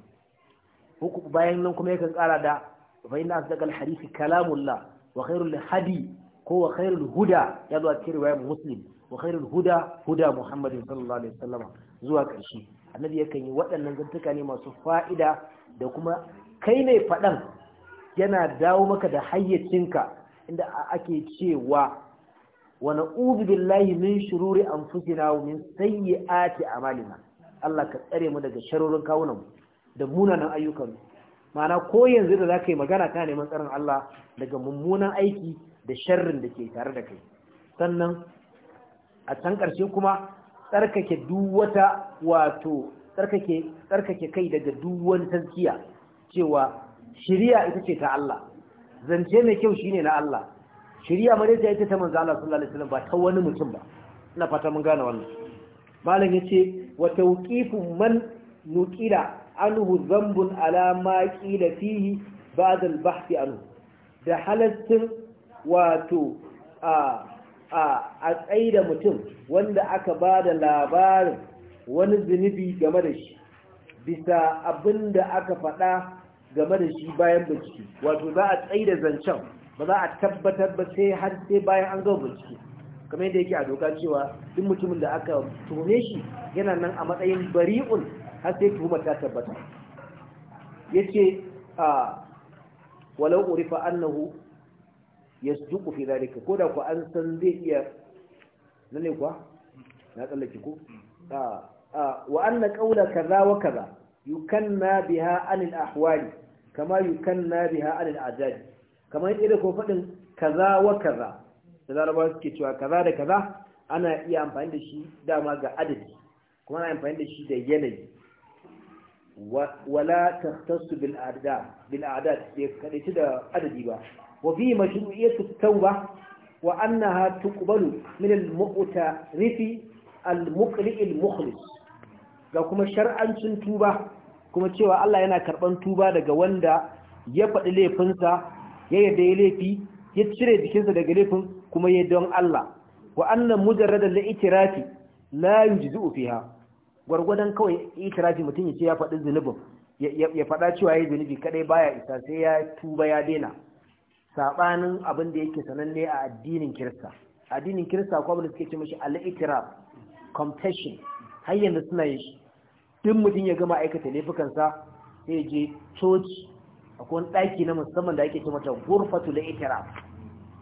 hukuku bayan nan kuma yakan ƙara da fa inna asdaqal hadisi kalamullah wa khairul hadi ko wa khairul huda ya a cikin riwayar muslim wa khairul huda huda muhammadin sallallahu alaihi wasallam zuwa ƙarshe annabi yakan yi waɗannan zantuka ne masu fa'ida da kuma kai mai faɗan yana dawo maka da hayyacinka inda ake cewa wa na'udhu billahi min shururi anfusina wa min sayyiati a'malina Allah ka tsare mu daga sharurin kawunan mu da munanan ayyukan Mana ko yanzu da zaka yi magana ka neman tsarin Allah daga mummunan aiki da sharrin da ke tare da kai sannan a can ƙarshe kuma tsarkake duk wato tsarkake tsarkake kai daga duk wani cewa shiriya ita ce ta Allah zance mai kyau shine na Allah shiriya madaita ita ta manzo Allah sallallahu alaihi wasallam ba ta wani mutum ba ina fata mun gane wannan malam yace wa tawqifu man nuqila anhu dhanbun ala ma qila fihi ba'da al-bahth anhu da halattin wato a a a tsaida mutum wanda aka ba da labarin wani zunubi game da shi bisa abinda aka faɗa game da shi bayan bincike wato za a tsaida zancen ba za a tabbatar ba sai har sai bayan an gama bincike kamar yadda yake a doka cewa duk mutumin da aka tuhume shi yana nan a matsayin bari'un har sai tuhumar ta tabbata ce, a walau urifa annahu yasduqu fi ko da ku an san zai iya ne kuwa na tsallake ku a ƙaunar anna qawla kaza wa kaza yukanna biha anil ahwali kama yukanna biha alal ajabi kamar yadda ko faɗin kaza wa kaza da larabawa suke cewa kaza da kaza ana iya amfani da shi dama ga adadi kuma ana amfani da shi da yanayi wala ta bil adad bil ya kadaici da adadi ba wa fi mashru'iyatu ba wa annaha tuqbalu min al mu'tarifi al muqri al ga kuma shar'ancin tuba kuma cewa Allah yana karɓar tuba daga wanda ya faɗi laifinsa ya yarda ya laifi ya cire jikinsa daga laifin kuma ya don Allah wa annan mujarradan la itirafi la yujzu fiha gwargwadon kawai itirafi mutum ya ce ya faɗi zunubin ya faɗa cewa ya zunubi kadai baya isa sai ya tuba ya daina sabanin abin da yake sananne a addinin Kirista addinin Kirista ko abin da suke ce mashi al-itiraf confession har yanzu suna yi duk mutum ya gama aikata laifukansa sai je coci akwai wani ɗaki na musamman da ake ce mata gurfatu da itara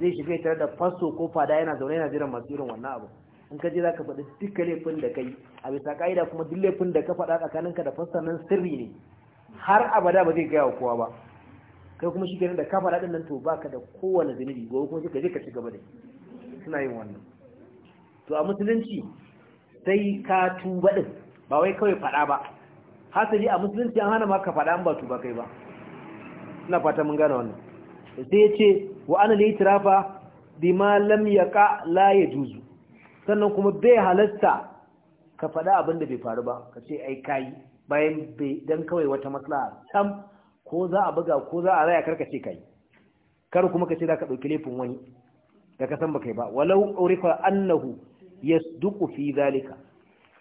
zai shiga tare da faso ko fada yana zaune yana jiran masu irin wannan abu in ka je za ka faɗi duk laifin da kai a bisa ka'ida kuma duk laifin da ka faɗa tsakaninka da fasta nan sirri ne har abada ba zai gaya wa kowa ba kai kuma shi da ka faɗa nan to baka da kowane zunubi gobe kuma ka je ka ci gaba da suna yin wannan to a musulunci sai ka tuba ɗin ba wai kawai faɗa ba hasali a musulunci an hana maka faɗa ba kai ba ina fata mun gane wannan sai ya ce wa ana litirafa ma lam yaqa la yajuzu sannan kuma bai halatta ka fada abin da bai faru ba ka ce ai kai bayan dan kawai wata maslaha tam ko za a buga ko za a raya karka ce kai kar kuma ka ce za ka ɗauki laifin wani da ka san ba kai ba walau urifa annahu yasduqu fi zalika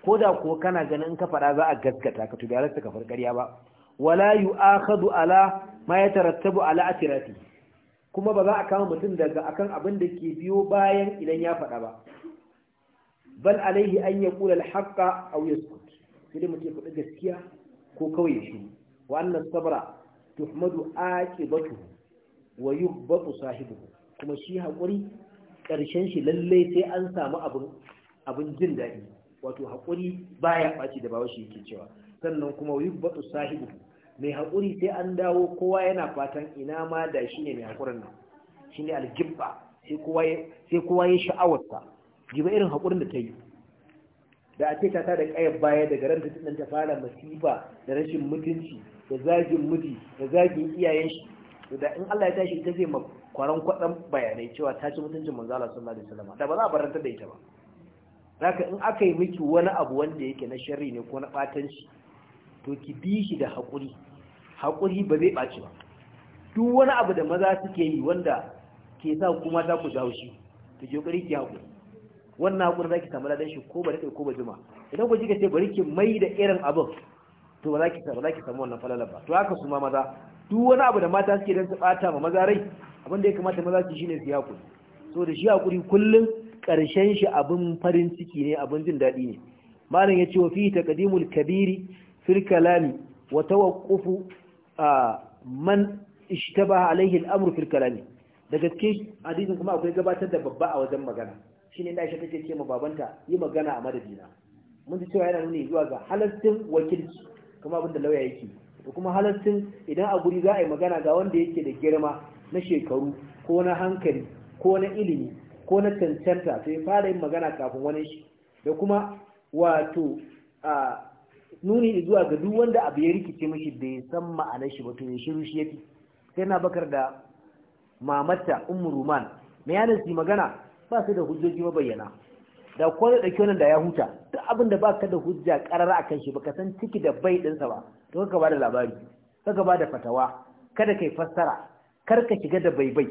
ko da kuwa kana ganin in ka faɗa za a gaskata ka tubi ka kafar ƙarya ba wala yu akhadu ala ma yatarattabu ala atirati kuma ba za a kama mutum daga akan abin da ke biyo bayan idan ya faɗa ba bal alaihi an yaqula al-haqqa aw yaskut sai mutum ya faɗi gaskiya ko kawai shi wa anna sabra tuhmadu aqibatu wa yuhbatu sahibuhu kuma shi hakuri ƙarshen shi lalle sai an samu abin abin jin daɗi wato hakuri baya ɓaci da ba shi yake cewa sannan kuma yi batu sahibu mai hakuri sai an dawo kowa yana fatan ina ma da shi ne mai haƙurin nan shi ne algibba sai kowa ya sha'awarsa jiba irin hakurin da ta yi da a ta da ƙayar baya daga ranta tunan ta fara masifa da rashin mutunci da zagin mudi, da zagin iyayen shi da in Allah ya tashi ita zai kwaran kwaɗan bayanai cewa ta ci mutuncin manzala sallallahu alaihi wasallam da ba za a baranta da ita ba zaka in aka yi miki wani abu wanda yake na sharri ne ko na batanci to ki bi shi da haƙuri haƙuri ba zai ɓaci ba duk wani abu da maza suke yi wanda ke sa kuma za ku jawo shi to ki ƙoƙari ki haƙuri wannan haƙuri za ki samu ladan shi ko ba da ko ba juma idan ku kika ce bari ki mai da irin abin to ba za ki samu ki samu wannan falalar ba to haka su ma maza duk wani abu da mata suke don su ɓata ma maza rai abin da ya kamata maza su shine su yi haƙuri so da shi haƙuri kullum ƙarshen shi abin farin ciki ne abin jin daɗi ne malam ya ce wa fi taqdimul kabiri fil kalami wa tawaqqufu man ishtaba alaihi al-amru fil kalami daga cikin hadisin kuma akwai gabatar da babba a wajen magana shine da Aisha take ce ma babanta yi magana a madadina mun ji cewa yana nuni zuwa ga halastin wakilci kuma abinda lauya yake da kuma halastin idan a guri za a yi magana ga wanda yake da girma na shekaru ko na hankali ko na ilimi ko na cancanta to ya fara yin magana kafin wani shi da kuma wato a nuni zuwa ga duk wanda abu ya rikice mashi da ya san ma'anar shi ba ya shiru shi yake sai na bakar da mamata umuruman, ruman me su magana ba su da hujjoji mabayyana da ko da dauki da ya huta duk abin da ka da hujja karara a kan shi baka san ciki da bai ɗinsa ba to ka ba da labari ka ba da fatawa kada kai fassara kar ka shiga da baibai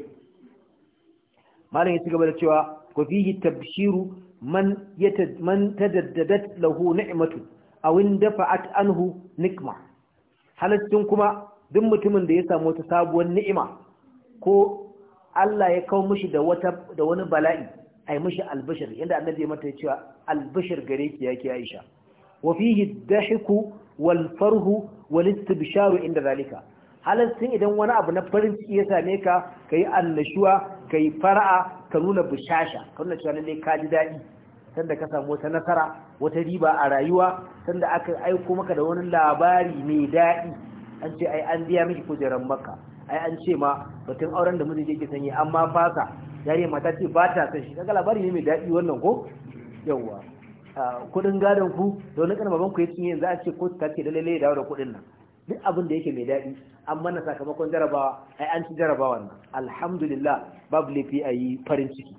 malam ya ci da cewa wafihi fihi tabshiru man man tadaddadat lahu ni'matu aw indafa'at anhu nikma halaccin kuma duk mutumin da ya samu wata sabuwar ni'ima ko Allah ya kawo mishi da wata da wani bala'i ai mishi albashir yanda annabi ya mata ya cewa albashir gare ki yake Aisha wa fihi dahiku wal farhu wal istibsharu inda zalika halaccin idan wani abu na farin ciki ya same ka kai annashuwa kai fara'a ka nuna bushasha ka nuna cewa lalle ka ji daɗi sanda ka samu wata nasara wata riba a rayuwa sanda aka aiko maka da wani labari mai daɗi an ce ai an biya miki kujeran maka ai an ce ma batun auren da mijin yake sanye amma fasa yare mata ce ba ta san shi kaga labari ne mai daɗi wannan ko yawwa ah, kudin gadon ku da wani babanku ku ya cinye yanzu a ce ko ta ce da lalle da dawo da kudin nan duk abin da yake mai daɗi an mana sakamakon jarabawa ai an ci jarabawa nan alhamdulillah babu laifi a yi farin ciki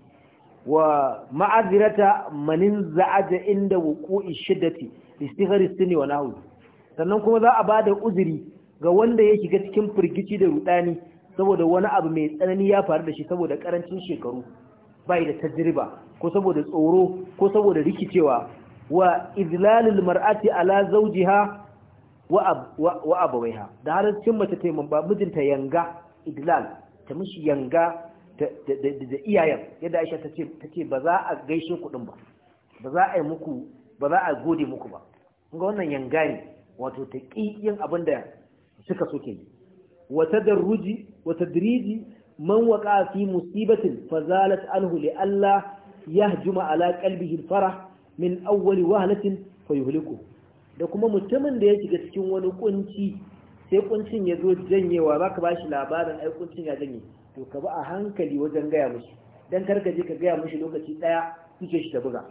wa ma'azirata manin za'aja inda wuku'i shiddati istighfar istini wa nahu sannan kuma za a bada uzuri ga wanda ya shiga cikin firgici da rudani saboda wani abu mai tsanani ya faru da shi saboda karancin shekaru bai da tajriba ko saboda tsoro ko saboda rikicewa wa izlalul mar'ati ala zawjiha wa abawaiha da halin cin mace ta ba mijinta yanga idlal ta mishi yanga da iyayen yadda aisha ta ce ba za a gaishe kuɗin ba ba za a yi muku ba za a gode muku ba ga wannan yanga ne wato ta ƙi yin abin da suka so ke yi wata daruji wata diriji man waƙa fi musibatin fa zalat anhu li Allah yahjuma ala qalbihi farah min awwali wahlatin fa da kuma mutumin da ya shiga cikin wani kunci sai kuncin ya zo janyewa ba ka ba shi labarin ai kuncin ya janye to ka bi a hankali wajen gaya mushi dan kar ka je ka gaya mushi lokaci daya kike shi ta buga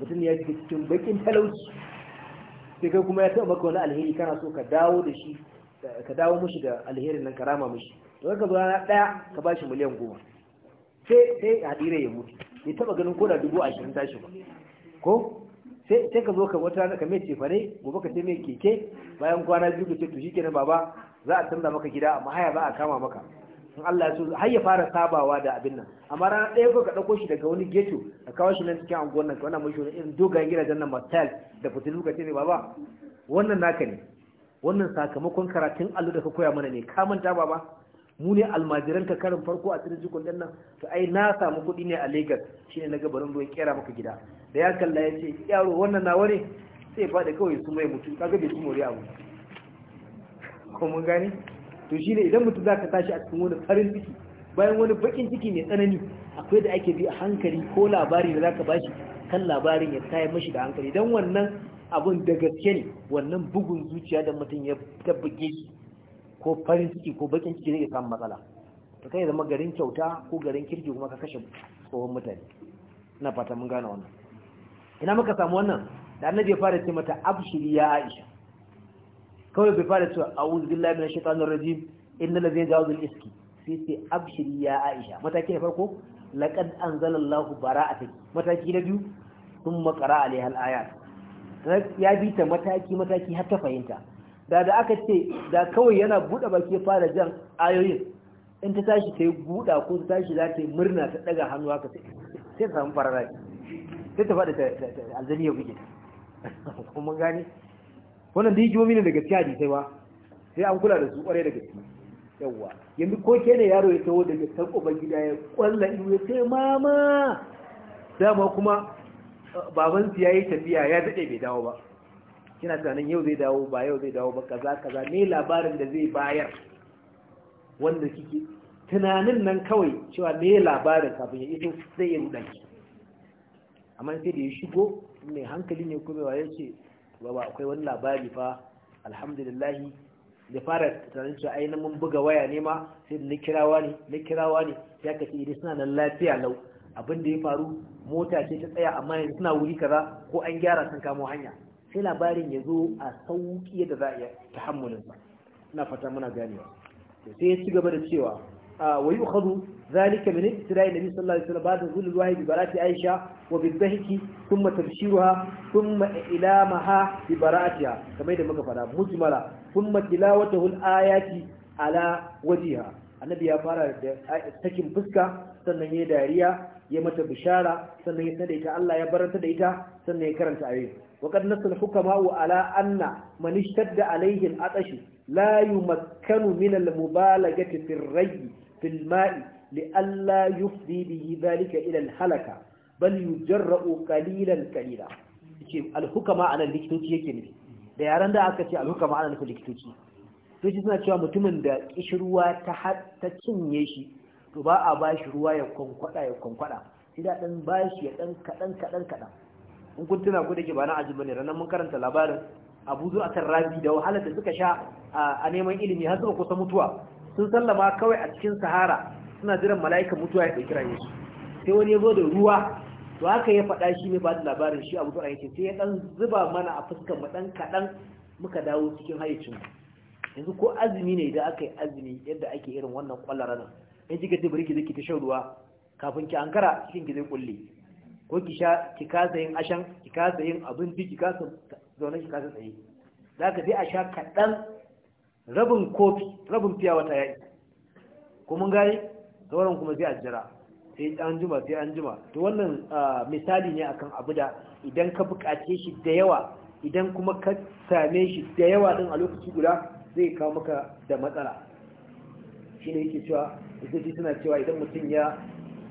mutum ya shiga cikin bakin talauci sai kai kuma ya taba maka wani alheri kana so ka dawo da shi ka dawo mushi da alherin nan karama mushi to ka rana daya ka ba shi miliyan goma sai sai hadira ya mutu ya taba ganin ko da dubu ashirin tashi ba ko sai ka zo ka wata rana ka mai cefane gobe ka sai mai keke bayan kwana biyu ka ce to shikenan baba za a canza maka gida amma haya za a kama maka in Allah ya so har ya fara sabawa da abin nan amma rana ɗaya ko ka ɗauko shi daga wani geto ka kawo shi nan cikin anguwan nan wannan mashi irin dogayen gidajen nan masu da fitilu ka ce ne baba wannan naka ne wannan sakamakon karatun allo da ka koya mana ne ka manta baba mu ne almajiran ka karin farko a cikin jikon nan to ai na samu kuɗi ne a Lagos shine na gabarin ruwan kera maka gida da ya kalla ya ce yaro wannan nawa ne sai faɗi kawai su mai mutu kaga bai tumore abu ko mun gane to shine idan mutum ka tashi a cikin wani farin ciki bayan wani bakin ciki mai tsanani akwai da ake bi a hankali ko labari da zaka bashi kan labarin ya tayar mashi da hankali dan wannan abun da gaske ne wannan bugun zuciya da mutum ya tabbuke shi ko farin ciki ko bakin ciki ne ya samu matsala to kai zama garin kyauta ko garin kirki kuma ka kashe tsohon mutane ina fata mun gane wannan ina muka samu wannan da annabi ya fara ce mata abshiri ya aisha kawai bai fara ce a'udhu billahi minash shaitanir rajim innal ladhi jawazu al-iski sai ce abshiri ya aisha mataki na farko laqad anzalallahu bara'atan mataki na biyu thumma qara'a alayha al-ayat ya bi ta mataki mataki har ta fahimta da da aka ce da kawai yana buɗe baki fara jan ayoyin in ta tashi ta yi buɗa ko ta tashi za ta yi murna ta ɗaga hannu haka sai ta samu farara sai ta faɗi aljani ya buge kuma gani wannan da hikimomi ne daga cikin sai ba sai an kula da su ƙwarai da gaske yawwa yanzu ko ke ne yaro ya taho daga san ban gida ya kwalla ido ya sai mama dama kuma babansu ya yi tafiya ya daɗe bai dawo ba kina tunanin yau zai dawo ba yau zai dawo ba kaza kaza ne labarin da zai bayar wanda kike tunanin nan kawai cewa ne labarin kafin ya iso sai ya rudan amma sai da ya shigo mai hankali ne kuma ya ce baba akwai wani labari fa alhamdulillah da fara tunanin cewa ai mun buga waya ne ma sai da na kirawa ne na kirawa ne ya kace idan suna nan lafiya lau abin da ya faru mota ce ta tsaya amma yanzu suna wuri kaza ko an gyara sun kamo hanya sai labarin ya zo a sauƙi yadda za a iya tahammulin sa ina fata muna ganewa sai ya ci gaba da cewa wa yu'khadhu zalika min Isra'il nabi sallallahu alaihi wasallam ba'da zulul wahyi bi barati aisha wa bi dhahiki thumma tabshiruha thumma ilamaha bi baratiha kamar da muka fada mujmala thumma tilawatuhu al-ayati ala wajiha annabi ya fara da sakin fuska sannan ya dariya ya mata bishara sannan ya sadaita da ita Allah ya baranta da ita sannan ya karanta ayoyi وقد نص الحكماء على أن من اشتد عليه العطش لا يمكن من المبالغة في الري في الماء لئلا يفضي به ذلك إلى الهلكة بل يجرأ قليلا قليلا الحكماء على likitoci yake da yaran da aka ce alhukama ana nufin likitoci likitoci suna cewa mutumin da kishirwa ta cinye shi to ba a bashi ruwa ya kwankwada ya kwankwada sai da dan ba ya dan kadan kadan kadan in kun tuna ku da ke ba na ajin bane ranar mun karanta labarin abu zuwa kan rabi da wahalar da suka sha a neman ilimi har suka kusa mutuwa sun sallama kawai a cikin sahara suna jiran mala'ikan mutuwa ya ɗauki su sai wani ya zo da ruwa to haka ya faɗa shi ne ba da labarin shi abu zuwa yake sai ya ɗan zuba mana a fuskar mu ɗan kaɗan muka dawo cikin hayyacin yanzu ko azumi ne idan aka yi azumi yadda ake irin wannan kwallara nan in ji ka bari ki zai ki ta shan ruwa kafin ki ankara cikin ki zai kulle ko ki sha ki kasa yin ashan ki kasa yin abun ki kasa zaune ki kasa tsaye za ka a sha kaɗan rabin kofi rabin fiya wata yayi kuma gari sauran kuma sai a jira sai an juma sai an juma to wannan misali ne akan abu da idan ka buƙace shi da yawa idan kuma ka same shi da yawa din a lokaci guda zai kawo maka da matsala shine yake cewa sai suna cewa idan mutum ya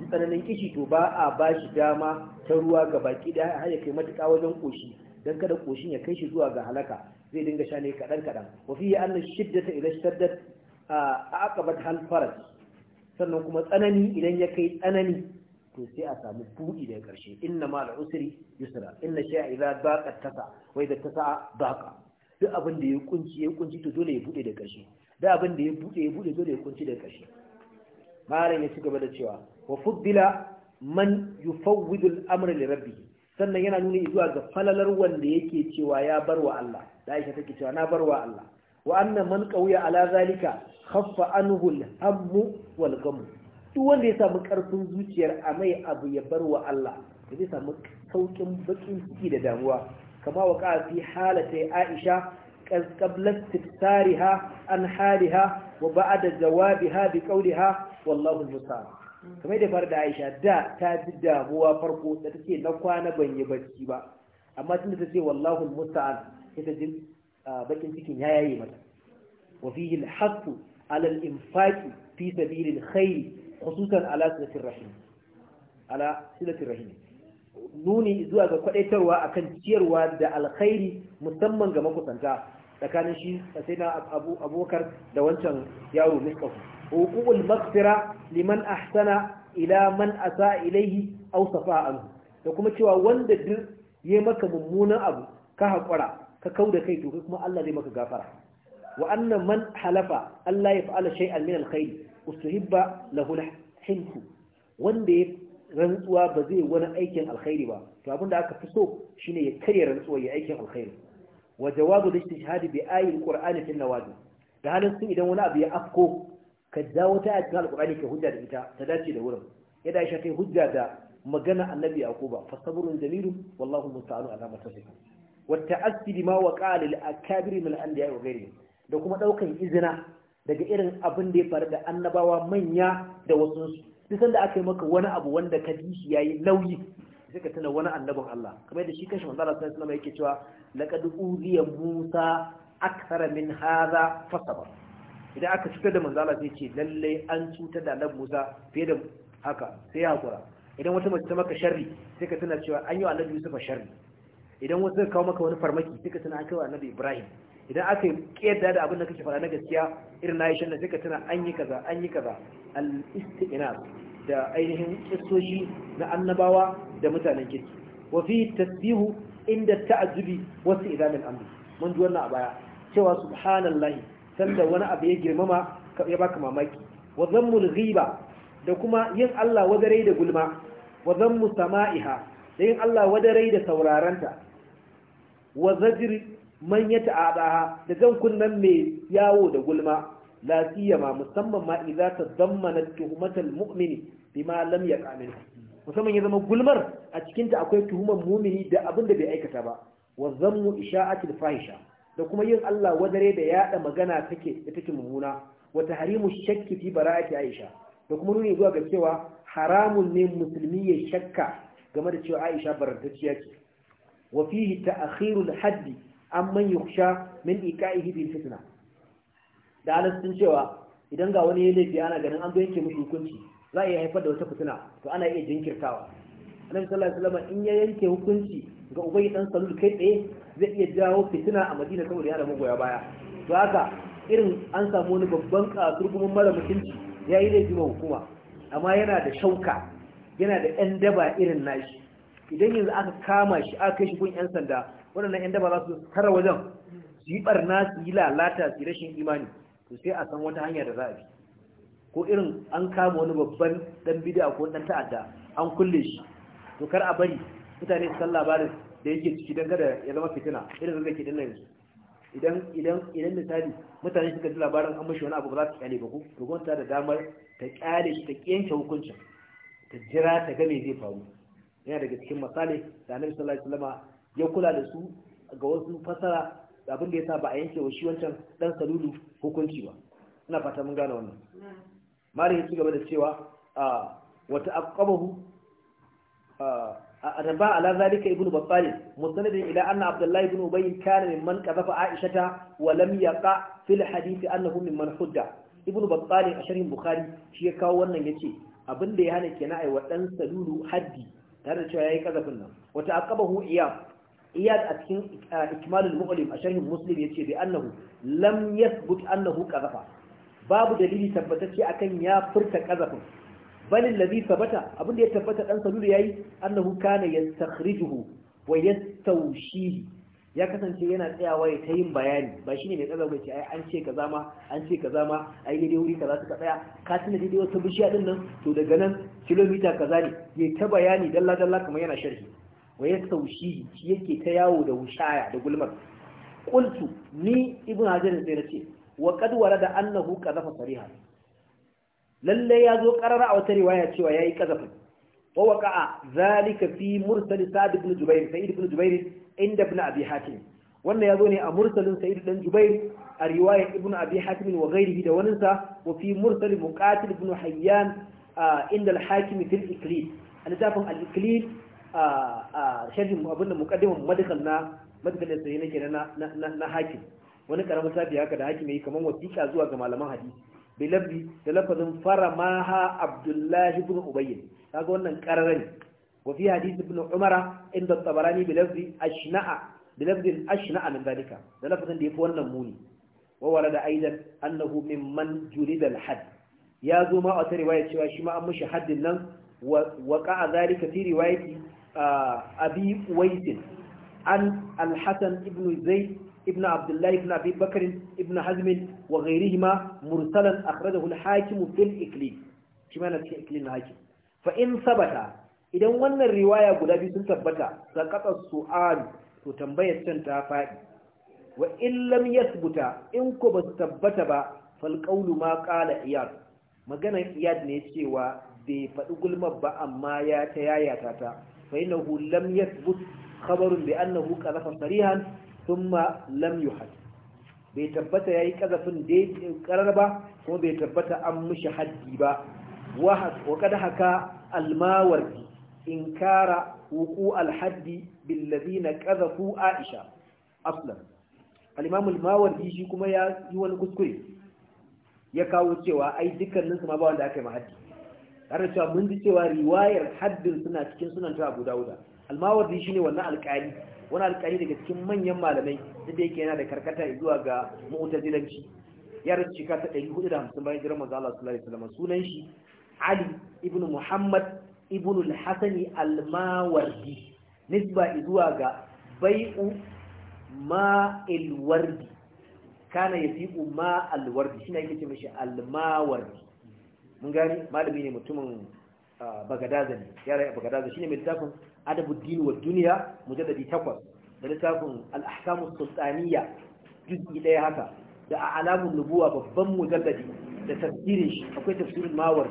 tsananin kishi to ba a ba shi dama ta ruwa ga baki da har ya kai matuƙa wajen koshi don kada koshin ya kai shi zuwa ga halaka zai dinga sha ne kaɗan kaɗan wa fi anna shiddata idan shaddat a aqabat hal faraj sannan kuma tsanani idan ya kai tsanani to sai a samu buɗi daga ƙarshe inna ma al'usri yusra inna shay'a idza baqat tasa wa idza tasa baqa duk abin da ya kunci ya kunci to dole ya buɗe daga ƙarshe duk abin da ya buɗe ya buɗe dole ya kunci daga ƙarshe malam ya ci gaba da cewa wa fuddila man yufawwidu al-amra li rabbih sannan yana nuna zuwa ga falalar wanda yake cewa ya barwa Allah da Aisha take cewa na barwa Allah wa anna man qawiya ala zalika khaffa anhu al-hammu wal gham duk wanda ya samu karfin zuciyar a mai abu ya bar wa Allah da zai samu saukin bakin ciki da damuwa kama wa ka fi halatai Aisha qabla istifsariha an haliha wa ba'da jawabiha bi qawliha wallahu musa mm. kamar da fara da aisha da ta ji damuwa farko da ta ce na kwana ban yi bacci ba amma tun da ta ce wallahu musa sai ta ji bakin cikin ya yaye mata wa fihi al ala al fi sabili khair khususan ala silatir rahim ala silatir rahim nuni zuwa ga kwadaitarwa akan ciyarwa da alkhairi musamman ga makusanta tsakanin shi sai na abubakar da wancan yaro miskafu uquul maghfira liman ahsana ila man asa ilaihi aw safa anhu da kuma cewa wanda duk yayi maka mummunan abu ka hakura ka da kai to kuma Allah zai maka gafara wa anna man halafa Allah ya fa'ala shay'an min alkhair ustuhibba lahu alhinku wanda ya rantsuwa ba zai wani aikin alkhairi ba to abinda aka fi so shine ya karya rantsuwa ya aikin alkhairi wa jawabu da istishhadi bi ayatil qur'ani fil nawadi da halin sun idan wani abu ya afko ka dawo ta cikin alkurani ka hujja da ita ta dace da wurin yadda aisha ta hujja da magana annabi yaquba fa sabrun jamilu wallahu musta'anu ala ma tasif wa ta'assi bima waqa lil akabiri min al-anbiya wa ghayrihim da kuma daukan izina daga irin abin da ya faru da annabawa manya da wasu duk da aka yi maka wani abu wanda ka ji shi yayi nauyi sai ka tuna wani annabin Allah kamar yadda shi kashi manzo Allah sallallahu alaihi wasallam yake cewa laqad uziya Musa akthara min hadha fasaba idan aka cutar da manzo zai ce lalle an cutar da annabi Musa fiye da haka sai ya hakura idan wata mace ta maka sharri sai ka tana cewa an yi annabi Yusuf sharri idan wata suka kawo maka wani farmaki sai ka tana aka annabi Ibrahim idan aka kiyarda da abin da kake faɗa na gaskiya irin na yashin da sai ka tana an yi kaza an yi kaza al da ainihin kissoshi na annabawa da mutanen kirki wa fi tasbihu inda ta'ajjubi wasu idanul amri mun ji wannan a baya cewa subhanallahi sanda wani abu ya girmama ya baka mamaki wa zammul ghiba da kuma yin Allah wadarai da gulma wa zammu sama'iha da yin Allah wadarai da sauraranta wa zajr man yata'adaha da zan kunnan mai yawo da gulma la siyama musamman ma idza na tuhmatal mu'mini bima lam yaqa musamman ya zama gulmar a cikin ta akwai tuhumar mu'mini da abin da bai aikata ba wa zammu isha'atil fahisha da kuma yin Allah wadare da yada magana take da take mummuna wa tahrimu shakki fi bara'ati Aisha da kuma nuni zuwa ga cewa haramun ne musulmi ya shakka game da cewa Aisha barantacciya ce wa fihi ta'khirul haddi amman yukhsha min ika'ihi bil fitna da alasin cewa idan ga wani ya laifi ana ganin an yanke mushi hukunci za a iya haifar da wata fitina to ana iya jinkirtawa annabi sallallahu alaihi wasallam in ya yanke hukunci ga ubayi dan salul kai tsaye zai iya jawo fitina a madina saboda yana magoya baya to haka irin an samu wani babban kasur kuma mara mutunci ya yi laifi hukuma amma yana da shauka yana da yan daba irin nashi idan yanzu aka kama shi aka kai shi gun yan sanda waɗannan yan daba za su tara wajen su yi ɓarna su yi lalata su yi rashin imani to sai a san wata hanya da za a bi ko irin an kama wani babban ɗan bidiya ko ɗan ta'adda an kulle shi to kar a bari mutane su san labarin da yake ciki don kada ya zama fitina irin zai ke dinna yanzu idan idan idan misali mutane suka ji labarin an mashi wani abu ba za su kyale ba ko to gwamnati da damar ta kyale shi ta yanke hukuncin ta jira ta ga me zai faru yana daga cikin misali da annabi sallallahu alaihi wasallam ya kula da su ga wasu fasara abin da yasa ba a yanke wa shi wancan dan salulu hukunci ba ina fata mun gane wannan mari ya ci gaba da cewa a ah, wata aqabahu a ah, ربا على ذلك ابن بطال مستند إلى أن عبد الله بن أبي كان ممن كذف عائشة ولم يقع في الحديث أنه ممن حج ابن بطال أشره البخاري شيء كاوانا يتي abin da ya hana kenan ai waɗan salulu haddi tare da cewa yayi kazafin nan wata aqabahu iyad iyad a cikin ikmalul mu'lim a sharhin muslim yace bi annahu lam but annahu qazafa babu dalili tabbatacce akan ya furta kazafin bal alladhi sabata abinda ya tabbata dan salulu yayi annahu kana yastakhrijuhu wa yastawshihi ya kasance yana tsayawa ya ta yin bayani ba shi ne mai tsaga mai ce ai an ce kaza ma an ce kaza ma ai dai wuri kaza suka tsaya ka tuna dai wata bishiya din nan to daga nan kilomita kaza ne ya ta bayani dalla dalla kamar yana sharhi wa ya taushi shi yake ta yawo da wushaya da gulmar qultu ni ibn hajar ce. nace wa qad warada annahu qadafa sariha lalle ya zo karara a wata riwaya cewa yayi kazafin wa waqa'a zalika fi mursal sa'd ibn jubair sa'id ibn jubair inda ibn abi hatim wannan ya zo ne a mursalin sa'id dan jubair a riwaya ibn abi hatim wa ghairihi da wannan sa wa fi mursal muqatil ibn hayyan inda al-hakim fil iklil al-zafin al-iklil sharhin abin da muqaddimin madakal na madakal da sai nake na na hakim wani karamin sabi haka da hakim yayi kaman wasiqa zuwa ga malaman hadisi bilabbi da lafazin faramaha abdullahi ibn ubayy kaga wannan qararani wa fi hadith ibn umara inda tabarani bilabbi ashna'a bilabbi ashna'a min dalika da lafazin da yafi wannan muni wa warada aidan annahu mimman julida al had, ya zo ma a wata riwaya cewa shi ma an mushi haddin nan wa qa'a zalika fi riwayati ah, abi waisin an al-hasan ibn zayd ابن عبد الله ابن أبي بكر ابن حزم وغيرهما مرسلا أخرجه الحاكم في الإكليل كما نتكي إكليل الحاكم فإن ثبت إذا ون الرواية قد بيسن ثبت سقط السؤال تتنبيه سنتا فائد وإن لم يثبت إنكو بثبت با فالقول ما قال إياد مغانا إياد نيشي و bai faɗi gulmar ba amma ya ta yayata ta fa innahu lam yathbut khabarun bi annahu qadhafa sarihan thumma lam yuhad bai tabbata yayi kazafin da ƙarar ba kuma bai tabbata an mishi haddi ba wa qad haka al in inkara huku al-haddi bil ladina aisha aslan al-imam shi kuma ya yi wani kuskure ya kawo cewa ai dukkanin su ma ba wanda aka yi mahaddi har da cewa mun ji cewa riwayar haddin suna cikin sunan ta Abu Dawud al shi ne wannan alƙali wani alƙari daga cikin manyan malamai duk da yake yana da karkata zuwa ga mu'tazilanci ya rasu shekara ta 450 bayan jiran maza Allah sallallahu alaihi wasallam sunan shi Ali ibn Muhammad ibn al-Hasan al-Mawardi nisba zuwa ga bai'u ma'il wardi kana yafiqu ma'al wardi shine yake ce mashi al-mawardi mun gani malami ne mutumin ah, bagadazani yara shi ne mai littafin adabu dini wa duniya mujalladi takwas da littafin al'ahkamu sultaniya juz'i ɗaya haka da a alamun nubuwa babban mujalladi da tafsirin shi akwai tafsirin mawar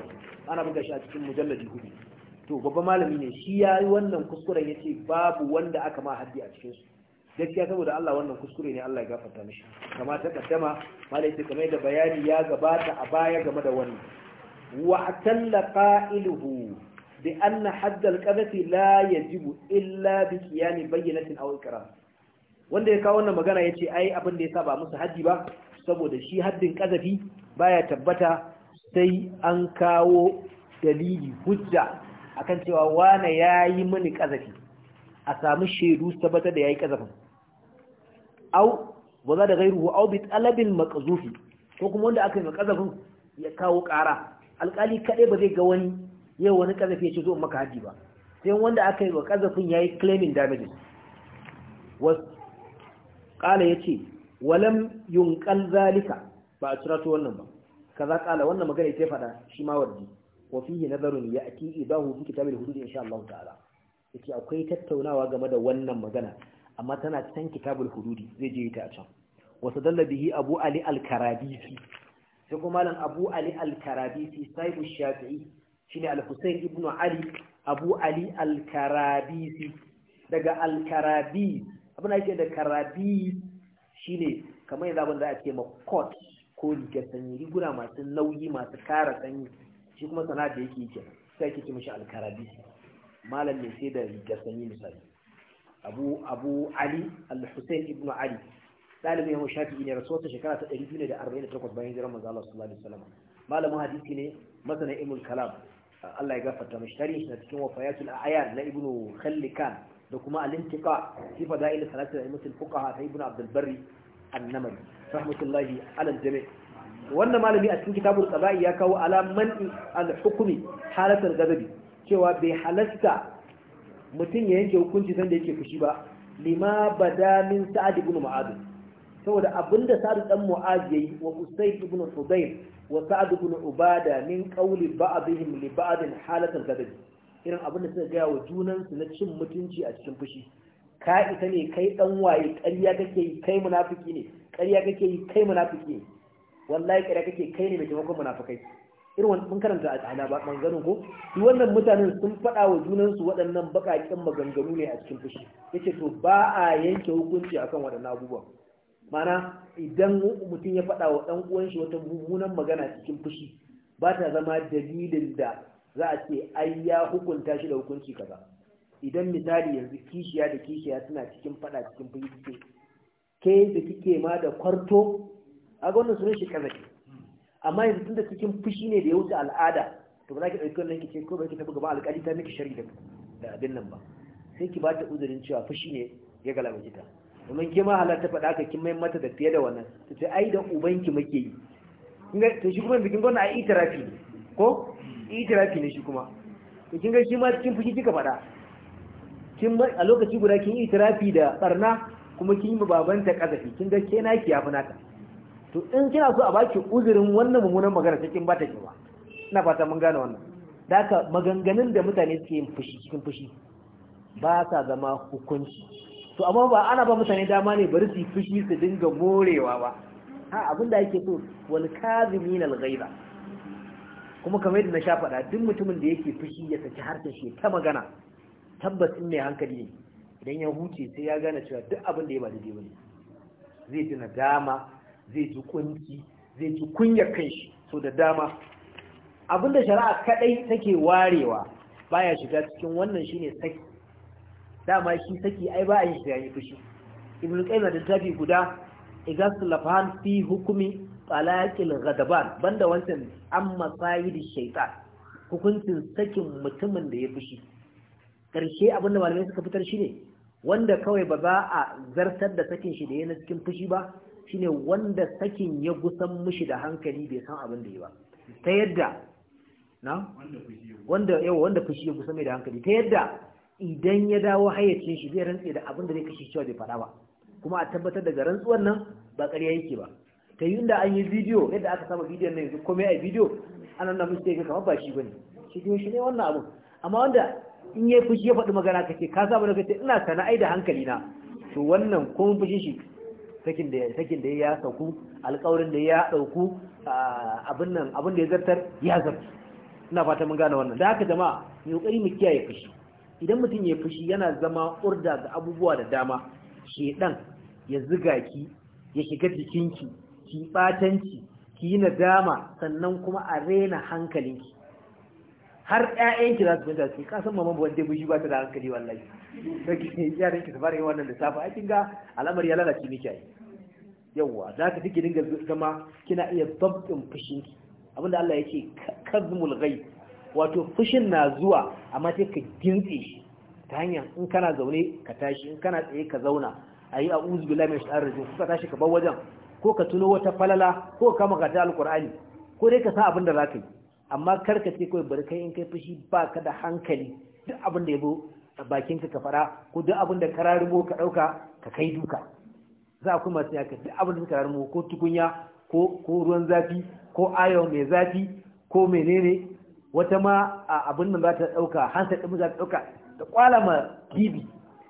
ana buga shi a cikin mujalladi hudu to babban malami ne shi ya yi wannan kuskuren ya ce babu wanda aka ma haddi a cikinsu gaskiya saboda Allah wannan kuskure ne Allah ya gafarta mishi kamar ta kaddama malai ce kamar da bayani ya gabata a baya game da wani wa atalla qailuhu bi anna haddal qadhafi la jibu illa bi qiyam bayyinatin aw kira. wanda ya kawo wannan magana ce ai abin da ya saba musu haji ba saboda shi haddin qadhafi baya tabbata sai an kawo dalili hujja akan cewa wane yayi mini qadhafi a samu shaidu tabbata da yayi qadhafin au waza da gairuhu au bi talabin maqzufi ko kuma wanda aka yi maqazafin ya kawo ƙara alƙali kaɗai ba zai ga wani yau wani kazafi ya ce zo maka hajji ba sai wanda aka yi wa kazafin ya yi claiming damages kala ya ce walam yunkal zalika ba a cira wannan ba kaza kala wannan magana ce fada shi ma wardi wa fihi nazarun ya'ti idahu fi kitabil hudud insha Allah ta'ala yace akwai tattaunawa game da wannan magana amma tana cikin kitabul hududi zai je ta a can wa sadalla bihi abu ali al-karabisi sai kuma malam abu ali al-karabisi bu shafi'i shine al-Husayn ibn Ali Abu Ali al-Karabisi daga al-Karabi abin da yake da Karabi shine kamar yanzu abin da ake ma court ko rigar sanyi riguna masu nauyi masu kara sanyi shi kuma sana'ar da yake yake sai ake ce mishi al-Karabisi malam ne sai da rigar sanyi misali Abu Abu Ali al-Husayn ibn Ali ɗalibin yawon shafi ne rasuwarsa shekara ta 248 bayan jiran manzo Allah sallallahu alaihi wasallam malamin hadisi ne masanin ilmul kalam Allah ya gafarta mashi tarihi na cikin wafayatul a'yar na ibnu khallikan da kuma al-intiqa fi fadail salatu al-musul fuqaha ta ibnu abdul barri an-namari rahmatullahi ala al-jami' wannan malami a cikin kitabul qada'i ya kawo alaman al-hukmi halatul ghadabi cewa bai halasta mutum ya yanke hukunci san da yake fushi ba lima bada min sa'ad ibn mu'adh saboda abinda sa'ad dan mu'adh yayi wa usayd ibn hudayr wa sa'ad ibn ubada min qawli ba'dihim li ba'd halatal gadab irin abin da suka gaya wa junan su na cin mutunci a cikin fushi ka ita ne kai dan waye ƙarya kake yi kai munafiki ne ƙarya kake yi kai munafiki ne wallahi ƙarya kake kai ne mai taimakon munafikai irin wannan mun karanta a tsana ba manzanin ko shi wannan mutanen sun faɗa wa junansu waɗannan baƙaƙen maganganu ne a cikin fushi yace to ba a yanke hukunci akan waɗannan abubuwan mana idan mutum ya faɗa wa ɗan uwan shi wata mummunan magana cikin fushi ba ta zama dalilin da za a ce ai ya hukunta shi da hukunci kaza idan misali yanzu kishiya da kishiya suna cikin faɗa cikin fushi suke ke da kike ma da kwarto a ga wannan sunan shi kazafi amma yanzu tunda cikin fushi ne da ya wuce al'ada to ba za ki ɗauki wannan ki ce ko ba ki tafi gaba alƙali ta miki shari da abin nan ba sai ki ba ta uzurin cewa fushi ne ya galabaita domin ke ma halar ta faɗa ka kin mai mata da fiye da wannan ta ce ai da ubanki muke yi ta shi kuma bikin gona a itirafi ne ko itirafi ne shi kuma to kin shi ma cikin fushi kika faɗa kin a lokaci guda kin itirafi da barna kuma kin yi babanta kazafi kin ke na ki yafi naka to in kina so a baki uzurin wannan mummunan magana ta kin bata ki ba ina fata mun gane wannan da haka maganganun da mutane suke yin fushi cikin fushi ba sa zama hukunci to amma ba ana ba mutane dama ne bari su yi fushi su dinga morewa ba ha abin da yake so wal kazimi al ghaiba kuma kamar yadda na sha faɗa duk mutumin da yake fushi ya saki harshen shi ta magana tabbas in mai hankali ne idan ya huce sai ya gane cewa duk abin da ya ba daidai bane zai ji nadama zai ji kunci zai ji kunyar kanshi so da dama abinda shari'a kadai take warewa baya shiga cikin wannan shine saki dama shi saki ai ba a yi yayi fushi ibn qayyim da tafi guda igasul lafan fi hukumi talaqil ghadaban banda wancan amma masayid shaytan hukuncin sakin mutumin da ya fushi karshe abinda malamai suka fitar shine wanda kawai ba za a zartar da sakin shi da yana cikin fushi ba shine wanda sakin ya gusan mishi da hankali bai san abin da yi ba ta yadda na wanda fushi ya gusan mai da hankali ta yadda idan ya dawo hayyacin shi zai rantse da abin da zai kashe cewa bai fara ba kuma a tabbatar daga rantsuwar nan ba ƙarya yake ba ta yi inda an yi bidiyo yadda aka sama bidiyon nan yanzu komai a bidiyo ana nuna musu yake kamar ba shi ne shi ne shi ne wannan abun amma wanda in ya fushi ya faɗi magana ka ce ka saba da kace ina sana'ai da hankali na to wannan ko fushin shi sakin da sakin da ya sauku alƙawarin da ya dauku ah, abin nan abin da ya zartar ya zartar ina fata mun gane wannan da haka jama'a mu kokari mu kiyaye fushi idan mutum ya fushi yana zama urda ga abubuwa da dama shedan ya ziga ki ya shiga jikinki ki batanci ki yi nadama sannan kuma a rena hankalinki har ƴaƴanki za su binta su ka san mamman wanda buji ba ta da hankali wallahi sai yaran ki su fara yin wannan da safa kin ga al'amari ya lalace miki ai yawa za ka dinga zama kina iya dabtin fushinki abinda Allah yake kazmul ghaib wato fushin na zuwa amma sai ka gintse shi ta hanyar in kana zaune ka tashi in kana tsaye ka zauna a yi a uzu bila mai shi'ar ko ka tashi ka bar wajen ko ka tuno wata falala ko ka kama gata alkur'ani ko dai ka sa abin da za ka yi amma kar ka ce kawai bari kai in kai fushi ba ka da hankali duk abin da ya bo bakinka ka fara ko duk abin da ka ɗauka ka kai duka za a kuma sai ka duk abin da kararimo ko tukunya ko ruwan zafi ko ayon mai zafi ko menene wata ma a abin nan za ta ɗauka hansa ɗin za ta ɗauka ta kwala ma tv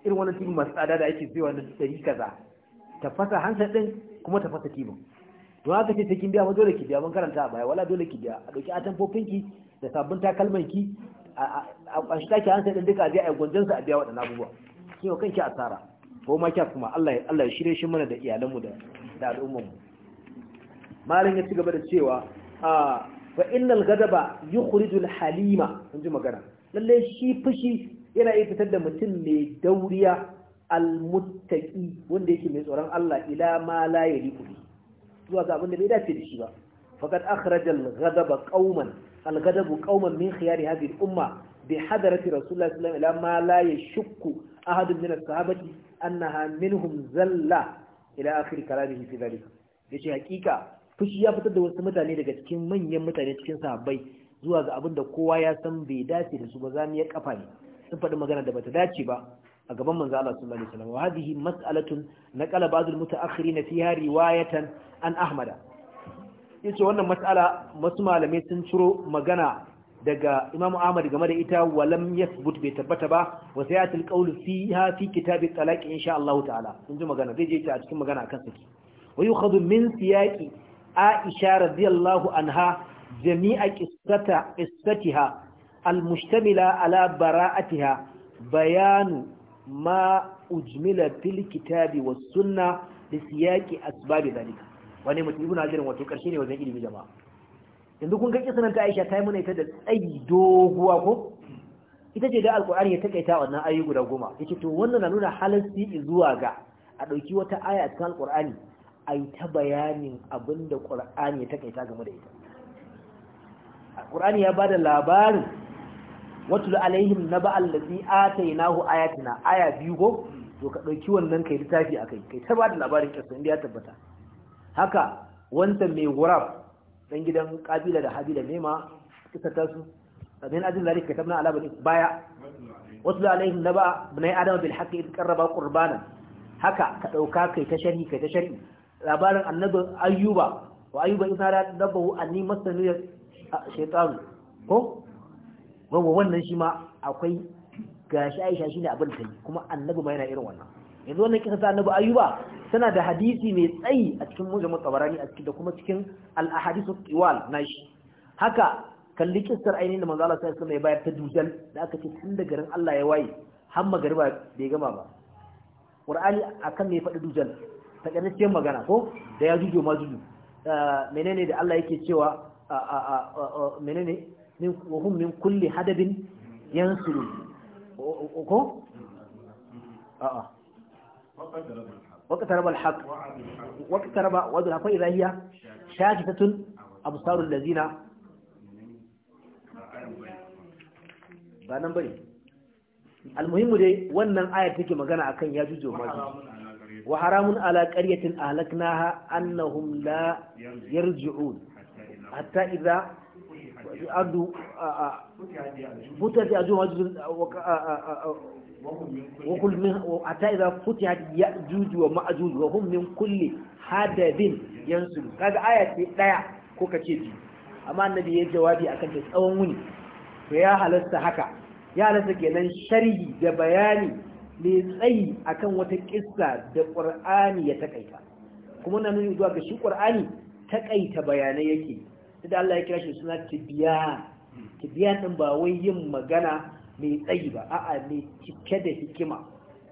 irin wani tv masu tsada da ake zuwa na ɗari kaza ta fasa hansa ɗin kuma ta fasa tv don haka ce kin biya ma dole ki biya ban karanta a baya wala dole ki biya a ɗauki atamfofin ki da sabbin takalman ki a ƙwanshi take hansa ɗin duka a je a yi gwanjon a biya waɗannan abubuwa kin wa kanki tsara ko ma kya kuma Allah ya shirye shi mana da iyalanmu da al'ummarmu malam ya ci gaba da cewa a fa innal gadaba yukhrijul halima in ji magana Lallai shi fushi yana iya fitar da mutum mai dauriya almuttaki, wanda yake mai tsoron Allah ila ma la yaliqu zuwa ga abin da bai dace da shi ba faqad akhraja al-ghadaba qauman al-ghadabu qauman min khiyar hadhihi al-umma bi hadarati rasulullah sallallahu alaihi wasallam ila ma la yashukku ahad min as-sahabati annaha minhum zalla ila akhir kalamihi fi dhalika yace hakika fushi ya fitar da wasu mutane daga cikin manyan mutane cikin sahabbai zuwa ga abin da kowa ya san bai dace da su ba zamu ya kafa ne sun faɗi magana da bata dace ba a gaban manzo Allah sallallahu alaihi wasallam wa hadhihi mas'alatun naqala ba'd al-mutaakhirin fiha riwayatan an ahmada yace wannan mas'ala masu malamai sun ciro magana daga Imam Ahmad game da ita walam yathbut bai tabbata ba wa sayatul qawl fiha fi kitab at-talaq insha Allah ta'ala kun ji magana zai je ta a cikin magana akan saki wa yukhadhu min siyaqi aisha radiyallahu anha jami'a qissata qissatiha almustamila ala bara'atiha bayanu ma ujmila fil kitabi was sunna li siyaqi asbab dhalika wani mutum ibn hajar wato karshe ne wajen ilimi jama'a yanzu kun ga kisanan ta Aisha ta yi mana ita da tsayi doguwa ko ita ce da alkur'ani ya takaita wannan ayi guda goma yace to wannan na nuna halasci zuwa ga a dauki wata aya a cikin alkur'ani a yi ta bayanin abin da ƙur'ani ya ta game da ita ƙur'ani ya ba da labarin da alaihim na ba'al da zai atai nahu ayatina aya biyu ko to ka ɗauki wannan kai littafi a kai kai ta ba da labarin ƙasa inda ya tabbata haka wanda mai wuraf ɗan gidan ƙabila da habila nema kisa ta su min ajin zalika katabna ala bani baya da alaihim na ba'a yi adama bil haka ita qarraba ƙurbanan haka ka ɗauka kai ta shari'i kai ta shari'i labarin annabin ayyuba wa ayyuba in sara dabbahu anni masaniyar shaytan ko babu wannan shi ma akwai gashi Aisha shine abin da yi kuma annabi ma yana irin wannan yanzu wannan kisa ta annabi ayyuba tana da hadisi mai tsayi a cikin mujammal tabarani a cikin da kuma cikin al-ahadithu tiwal nashi haka kalli kissar ainihin da manzo Allah sai sai mai bayar ta dujal da aka ce tun da garin Allah ya waye har magariba bai gama ba Qur'ani akan me faɗi dujal takanacciyar magana ko da ya jujo majuju ah, menene da Allah yake cewa ah, ah, menene wa hum min kulli hadabin yansuru ko a'a وقترب الحق وقترب وعد الحق إذا هي شاكتة أبصار الذين ba nan bane almuhimmu dai wannan ayar take magana akan ya jujo majuju wa haramun ala qaryatin ahlaknaha annahum la yarji'un hatta idza adu futihat ya'juj وكل من حتى إذا فتحت يأجوج ومأجوج وهم من كل حدب ينسل هذا آية لا كوكا تشيبي أما النبي يجوابي أكن تسأون مني فيا هلست حكا يا هلست كنان شريه ده بياني mai tsayi akan wata kissa da ƙur'ani ya takaita kuma na nuni zuwa ga shi ƙur'ani takaita bayanai yake da Allah ya kira shi suna tibiya tibiya din ba wai yin magana mai tsayi ba a'a mai cike da hikima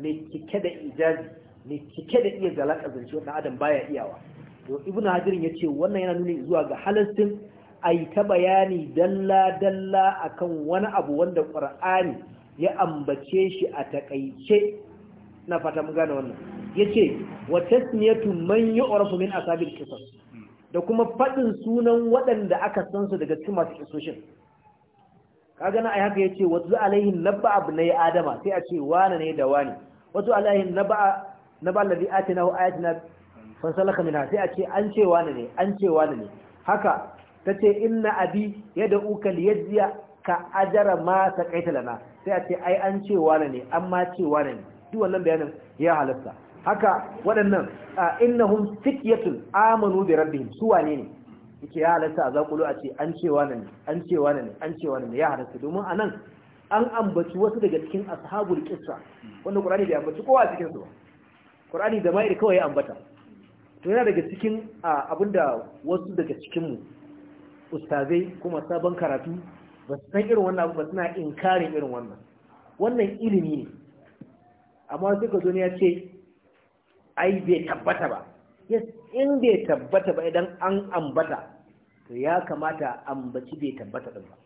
mai cike da ijazi mai cike da iya zalaka zance wannan adam baya iyawa to ibnu ya ce, wannan yana nuni zuwa ga halastin ai ta bayani dalla dalla akan wani abu wanda ƙur'ani ya ambace shi a takaice na fata mu gane wannan yace wa tasmiyatu man yu'rafu min asabil qisas da kuma fadin sunan waɗanda aka san su daga cikin masu kisoshin kaga na ai haka yace wa zu alaihin nabba ya adama sai a ce wane ne da wani wa zu alaihin nabba nabba alladhi atinahu ayatina fansalaka minha sai a ce an ce wane ne an ce wane ne haka tace inna abi yad'uka liyajziya ka ajara ma ta kaita lana sai a ce ai an ce wane ne an ma ce wane ne duk wannan bayanin ya halasta haka waɗannan innahum fityatun amanu bi rabbihim su wane ne yake ya halasta a zaƙulu a ce an ce wane ne an ce wane ne an ce wane ne ya halasta domin anan an ambaci wasu daga cikin ashabul qissa wanda qur'ani bai ambaci kowa a cikin su ba qur'ani da mai kawai ya ambata to yana daga cikin abinda wasu daga cikin mu ustazai kuma sabon karatu ba su san irin wannan ba suna inkarin irin wannan wannan ilimi ne amma suka zo ne ya ce ai bai tabbata ba yes in bai tabbata ba idan an ambata to ya kamata ambaci bai tabbata din ba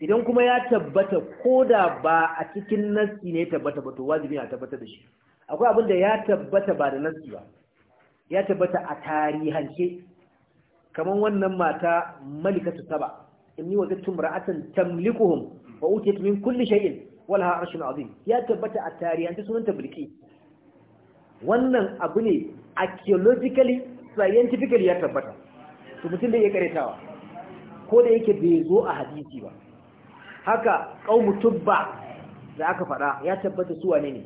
idan kuma ya tabbata ko da ba a cikin nassi ne tabbata ba to wajibi na tabbata da shi akwai abin da ya tabbata ba da nassi ba ya tabbata a tarihance kamar wannan mata malikatu saba inni wajadtu imra'atan tamlikuhum wa utiyat min kulli shay'in wa laha arshun azim ya tabbata a tarihi ta sunan tabliki wannan abu ne archaeologically scientifically ya tabbata to mutum da ya karetawa ko da yake bai zo a hadisi ba haka qaumu tubba da aka fada ya tabbata su wane ne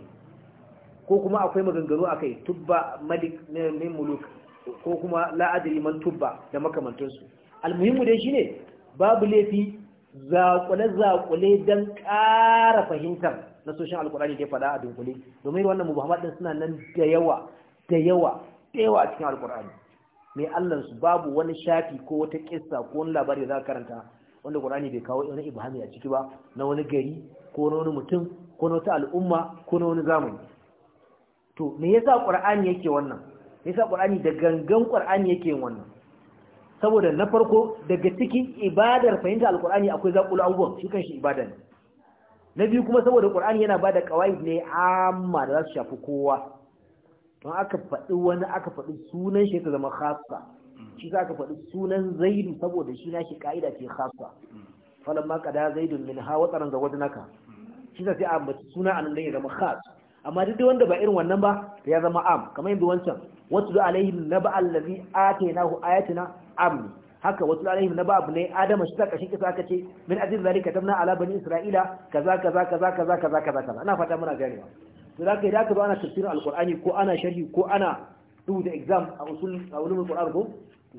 ko kuma akwai maganganu akai tubba malik min muluk ko kuma la adri man tubba da makamantansu almuhimmu dai shine babu laifi zaƙule-zaƙule don ƙara fahimtar na soshin alkulani da ya faɗa a dunkule domin wannan muhammad ɗin suna nan da yawa da yawa da yawa a cikin alkulani mai allansu babu wani shafi ko wata ƙissa ko wani labari da za karanta wanda ƙulani bai kawo wani ibhami a ciki ba na wani gari ko na wani mutum ko na wata al'umma ko na wani zamani to me yasa ƙur'ani yake wannan me yasa ƙur'ani da gangan ƙur'ani yake wannan saboda na farko daga cikin ibadar fahimta alkur'ani akwai zaƙulu abubuwan shi kan shi ibada ne na biyu kuma saboda ƙur'ani yana ba da ƙawai ne amma da za su shafi kowa don aka faɗi wani aka faɗi sunan shi ta zama khasa shi za ka faɗi sunan zaidu saboda shi na shi ƙa'ida ce khasa falon ma da zaidu min ha tsaron ga wajen naka shi za sai a mace suna a nan ya zama khas amma duk wanda ba irin wannan ba ya zama am kamar yadda wancan watlu alaihim naba allazi atainahu ayatina amni haka watlu alaihim naba abne adama shi ta kashin kisa aka ce min azin zalika tabna ala bani isra'ila kaza kaza kaza kaza kaza kaza kaza ina fata muna ganewa to da kai da ka zo ana tafsirin alqur'ani ko ana sharhi ko ana rubuta exam a usul a ulumul qur'an ko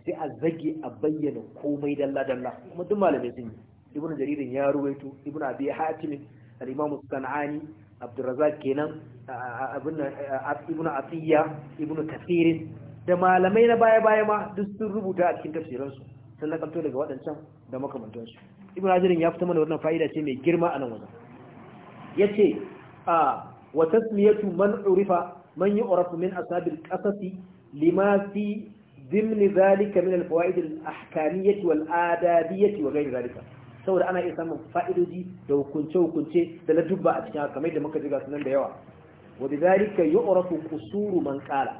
sai a zage a bayyana komai dalla dalla kuma duk malamai sun yi ibnu jaririn ya ruwaito ibnu abi hatim al-imam as-sanani abdurrazak kenan ibn atiyya ibn kafirin da malamai na baya-baya ma duk sun rubuta a cikin tafsiransu sun nakalto daga waɗancan da makamantansu ibn hajirin ya fita mana wannan fa'ida ce mai girma a nan wajen ya ce a wata smiyatu man urifa man yi urafu min asabil kasasi lima fi zimni zalika min alfawaid al-ahkamiyyati wal adabiyyati wa ghairi zalika saboda ana iya samun fa'idodi da hukunce-hukunce da na dubba a cikin kamar da muka jiga sunan da yawa wa bi zalika yu'rafu qusuru man qala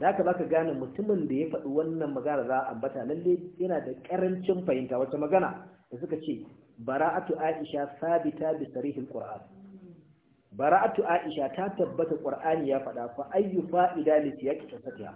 da haka zaka gane mutumin da ya faɗi wannan magana za a ambata lalle yana da karancin fahimta wata magana da suka ce bara'atu aisha sabita bi sarihin qur'an bara'atu aisha ta tabbata qur'ani ya faɗa fa ayyu fa'ida li siyaqi qissatiha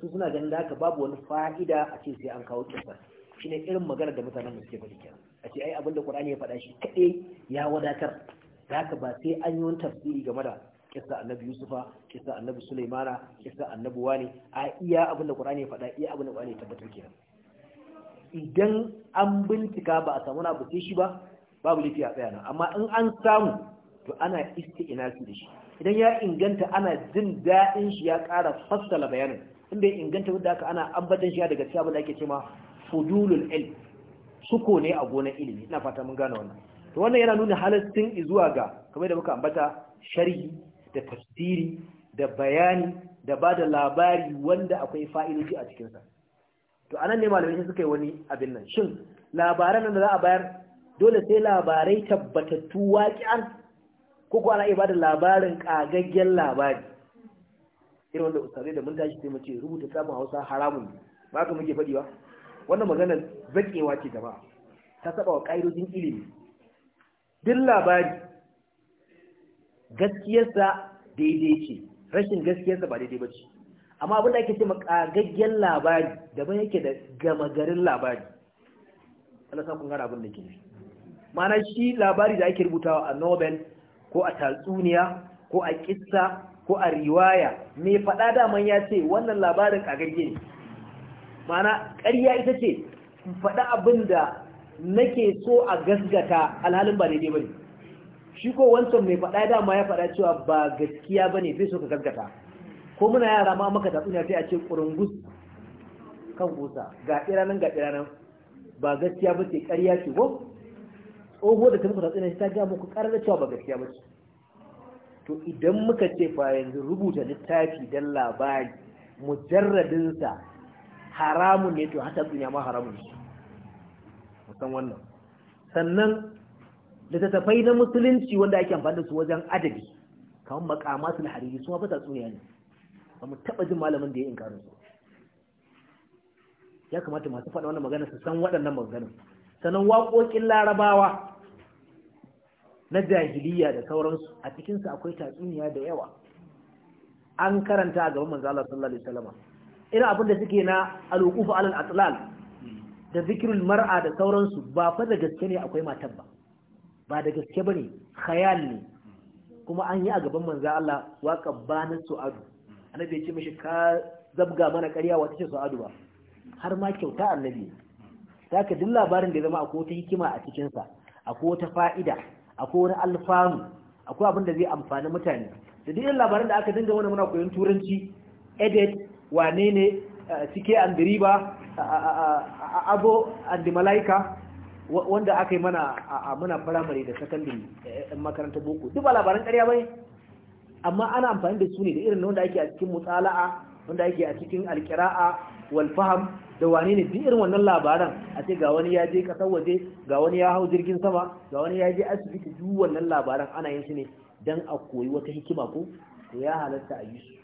su suna ganin da haka babu wani fa'ida a ce sai an kawo kisa shine irin magana da mutanen da suke faɗi kenan a ce ai abinda Qur'ani ya faɗa shi kaɗai ya wadatar haka ba sai an yi wani tafsiri game da kissa annabi Yusufa kissa annabi Sulaimana kissa annabi Wani a iya abinda Qur'ani ya faɗa iya abinda Qur'ani ya tabbatar kenan idan an bincika ba a samu na ba shi ba babu lafiya tsaya nan amma in an samu to ana isti'inasi da shi idan ya inganta ana jin daɗin shi ya ƙara fassala bayanin inda ya inganta wanda aka ana ambatan shi daga cikin abin da ake cewa fudulul ilm suko ne a gonar ilimi ina fata mun gane wannan to wannan yana nuna halastin zuwa ga kamar da muka ambata sharhi da tafsiri da bayani da ba da labari wanda akwai fa'iloji a cikinsa to anan ne malamai suka yi wani abin nan shin labaran nan da za a bayar dole sai labarai tabbatattu waƙiyar ko ko ana iya ba da labarin ƙagaggen labari irin wanda ustazai da mun tashi sai mu ce rubuta sabon hausa haramun ba ka muke faɗi ba wannan maganar zakewa ce jama'a ta saba wa ƙa'idojin ilimi duk labari gaskiyarsa daidai ce rashin gaskiyarsa ba daidai ba ce amma abin da ake ce makagaggen labari daban yake da gama garin labari Allah sa kun gara abin da ke ne Mana shi labari da ake rubutawa a nobel ko a tatsuniya ko a kissa ko a riwaya mai faɗa daman ya ce wannan labarin kagagge ne ma'ana ƙarya ita ce faɗa abin da nake so a gasgata alhalin ba daidai ba ne shi ko wancan mai faɗa dama ya faɗa cewa ba gaskiya ba ne bai so ka gasgata ko muna yara ma maka tatsuniya sai a ce ƙurungus kan kusa ga nan ga nan ba gaskiya ba ce ƙarya ce ko tsoho da ta muku shi ta ga muku ƙarar cewa ba gaskiya ba ce to idan muka ce fa yanzu rubuta littafi don labari mujarradinsa haramun ne to hatta duniya ma haramun ne musan wannan sannan littattafai na musulunci wanda ake amfani da su wajen adabi kamar makamatul hariri su ma fa tatsuniya ne ba mu taba jin malamin da ya inkarin su ya kamata masu faɗa wannan magana su san waɗannan maganganun sannan waƙoƙin larabawa na jahiliya da sauransu a cikinsu akwai tatsuniya da yawa an karanta a gaban manzo Allah sallallahu alaihi wasallam irin abin da suke na alwukufu alal atlal da zikirul mar'a da sauransu ba fa da gaske ne akwai matan ba ba da gaske bane khayal ne kuma an yi a gaban manzo Allah wa qabbana su'adu annabi ya ce mishi ka zabga mana ƙarya wata ce su'adu ba har ma kyauta annabi saka duk labarin da ya zama akwai wata hikima a cikin sa akwai wata fa'ida akwai wani alfanu akwai abin da zai amfani mutane da duk labarin da aka dinga wani muna koyon turanci edit wane ne eh, cike and a abo di malaika wanda aka yi mana a muna firamare da sakandare eh, eh, makaranta boko duk ba labaran karya bai? amma ana amfani da su ne da irin wanda ake a cikin mutsala'a wanda ake a cikin alkira'a walfaham. da wane ne irin wannan labaran a ce ga wani ya je kasar waje ga wani ya hau jirgin sama ga wani ya je asibiti duk wannan labaran ana yin su ne dan a koyi wata hikima ko ya halatta a yi su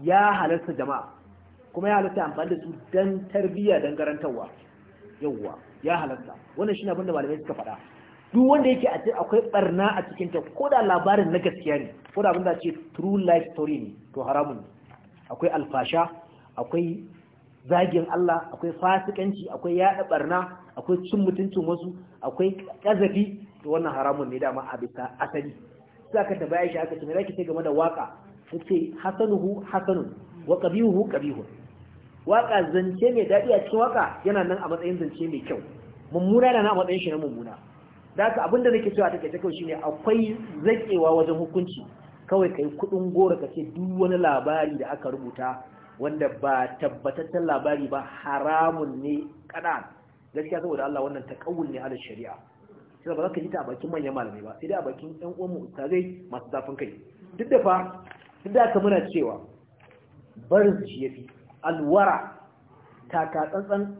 ya halarta jama'a kuma ya halarta amfani da su dan tarbiyya dan garantarwa yawwa ya halarta wannan shi abin da malamai suka faɗa duk wanda yake a cikin akwai barna a cikin ta ko da labarin na gaskiya ne ko da abin da ce true life story ne to haramun akwai alfasha akwai zagin Allah akwai fasikanci akwai yada barna akwai cin mutuncin wasu akwai kazafi to wannan haramun ne dama a bisa asali sai ka tabbai shi aka ce me zaki ce game da waka tace hasanuhu hasanun wa qabihuhu qabihun waka zance mai dadi a cikin waka yana nan a matsayin zance mai kyau mummuna yana nan a matsayin shi na mummuna da haka abinda nake cewa take take kawai shine akwai zakewa wajen hukunci kawai kai kudin gora kace duk wani labari da aka rubuta wanda ba tabbataccen labari ba haramun ne kada gaskiya saboda Allah wannan takawul ne ala shari'a sai ba za ka ji ta a bakin manyan malamai ba sai dai a bakin ɗan uwan mu ustazai masu zafin kai duk da fa duk da muna cewa barin shi fi alwara taka tsantsan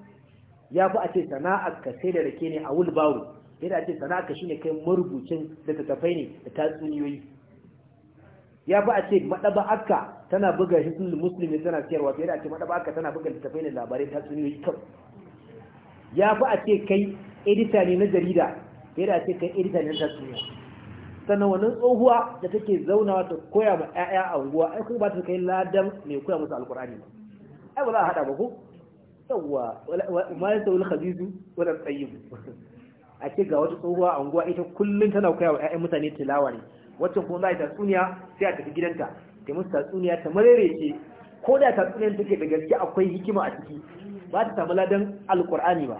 ya fi a ce sana'arka ka sai da rake ne a wulbaru yadda a ce sana'arka ka ne kai marubucin da tafai ne da tatsuniyoyi ya fi a ce maɗaba aka tana buga sun musulmi tana siyarwa ya da a ce aka tana buga littafai ne labarai tatsuniyoyi kawai ya fi a ce kai edita ne na jarida ya da a ce kai edita ne na tatsuniyoyi. sannan tsohuwa da take zauna ta koya ma 'ya'ya a unguwa ai kuma ba ta kai ladan mai koya musu alkur'ani ba ai ba za a haɗa ba ko yawwa ma ya sauri khabizu wadda tsayin a ce ga wata tsohuwa a unguwa ita kullum tana koya wa 'ya'yan mutane tilawa ne wacce kuma za a yi tatsuniya sai a tafi gidanta ta musu tatsuniya ta ce ko da tatsuniyar take da gaske akwai hikima a ciki ba ta samu ladan alkur'ani ba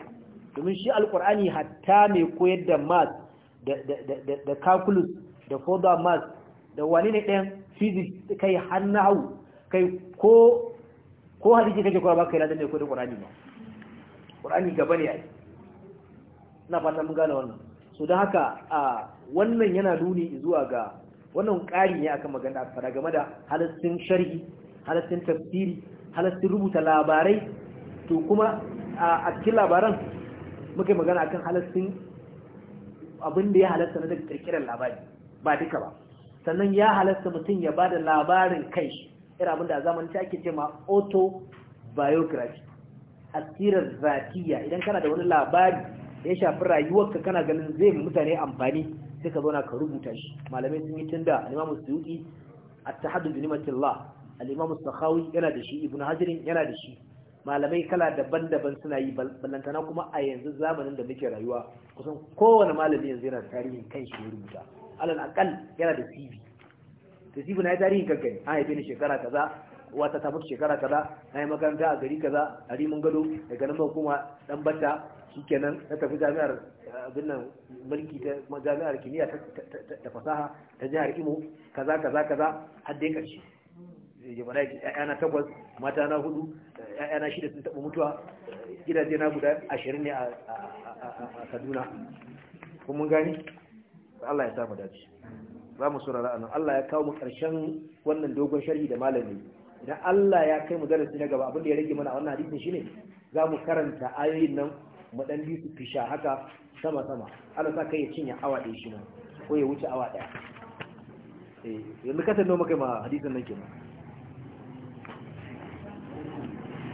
domin shi alkur'ani hatta mai koyar da mas. da calculus da further math da wani ne ɗan physics kai hannahu kai ko ko hadisi kake kura ba kai ladan ne ko da qur'ani ba qur'ani gaba ne ai ina fata mun gane wannan so dan haka a wannan yana nuni zuwa ga wannan ƙari ne akan magana a fara game da halittun sharhi halittun tafsiri halittun rubuta labarai to kuma a cikin labaran muke magana akan halittun abin da ya halatta na daga kirkirar labari ba duka ba sannan ya halatta mutum ya ba da labarin kai irin abin da a ta ake ce ma autobiography asirar zatiya idan kana da wani labari da ya shafi rayuwarka kana ganin zai mutane amfani sai ka zauna ka rubuta shi malamai sun yi tunda al-imamu a at-tahaddud bi nimatillah alimamu sahawi yana da shi ibnu yana da shi malamai kala daban-daban suna yi ballantana kuma a yanzu zamanin da muke rayuwa kusan kowane malami yanzu yana da tarihin kan shi rubuta alal akal yana da cv da cv na yi tarihin kanka ne an haife ni shekara kaza wata ta mutu shekara kaza na yi makaranta a gari kaza a rimin gado daga nan ba kuma dan bata shikenan na tafi jami'ar abin nan mulki ta jami'ar kimiyya ta fasaha ta jihar imo kaza kaza kaza har dai karshe jimana ya na takwas mata na hudu na shida sun taɓa mutuwa gidaje na guda ashirin ne a kaduna kun mun gani Allah ya samu dace za mu sura anan Allah ya kawo mu ƙarshen wannan dogon sharhi da malami idan Allah ya kai mu darasi na gaba abin da ya rage mana a wannan hadisin shine za mu karanta ayoyin nan mu dan bi su fisha haka sama sama Allah sa kai ya cinye awa ɗaya shi ne, ko ya wuce awa ɗaya eh yanzu ka tanno maka ma hadisin nan kenan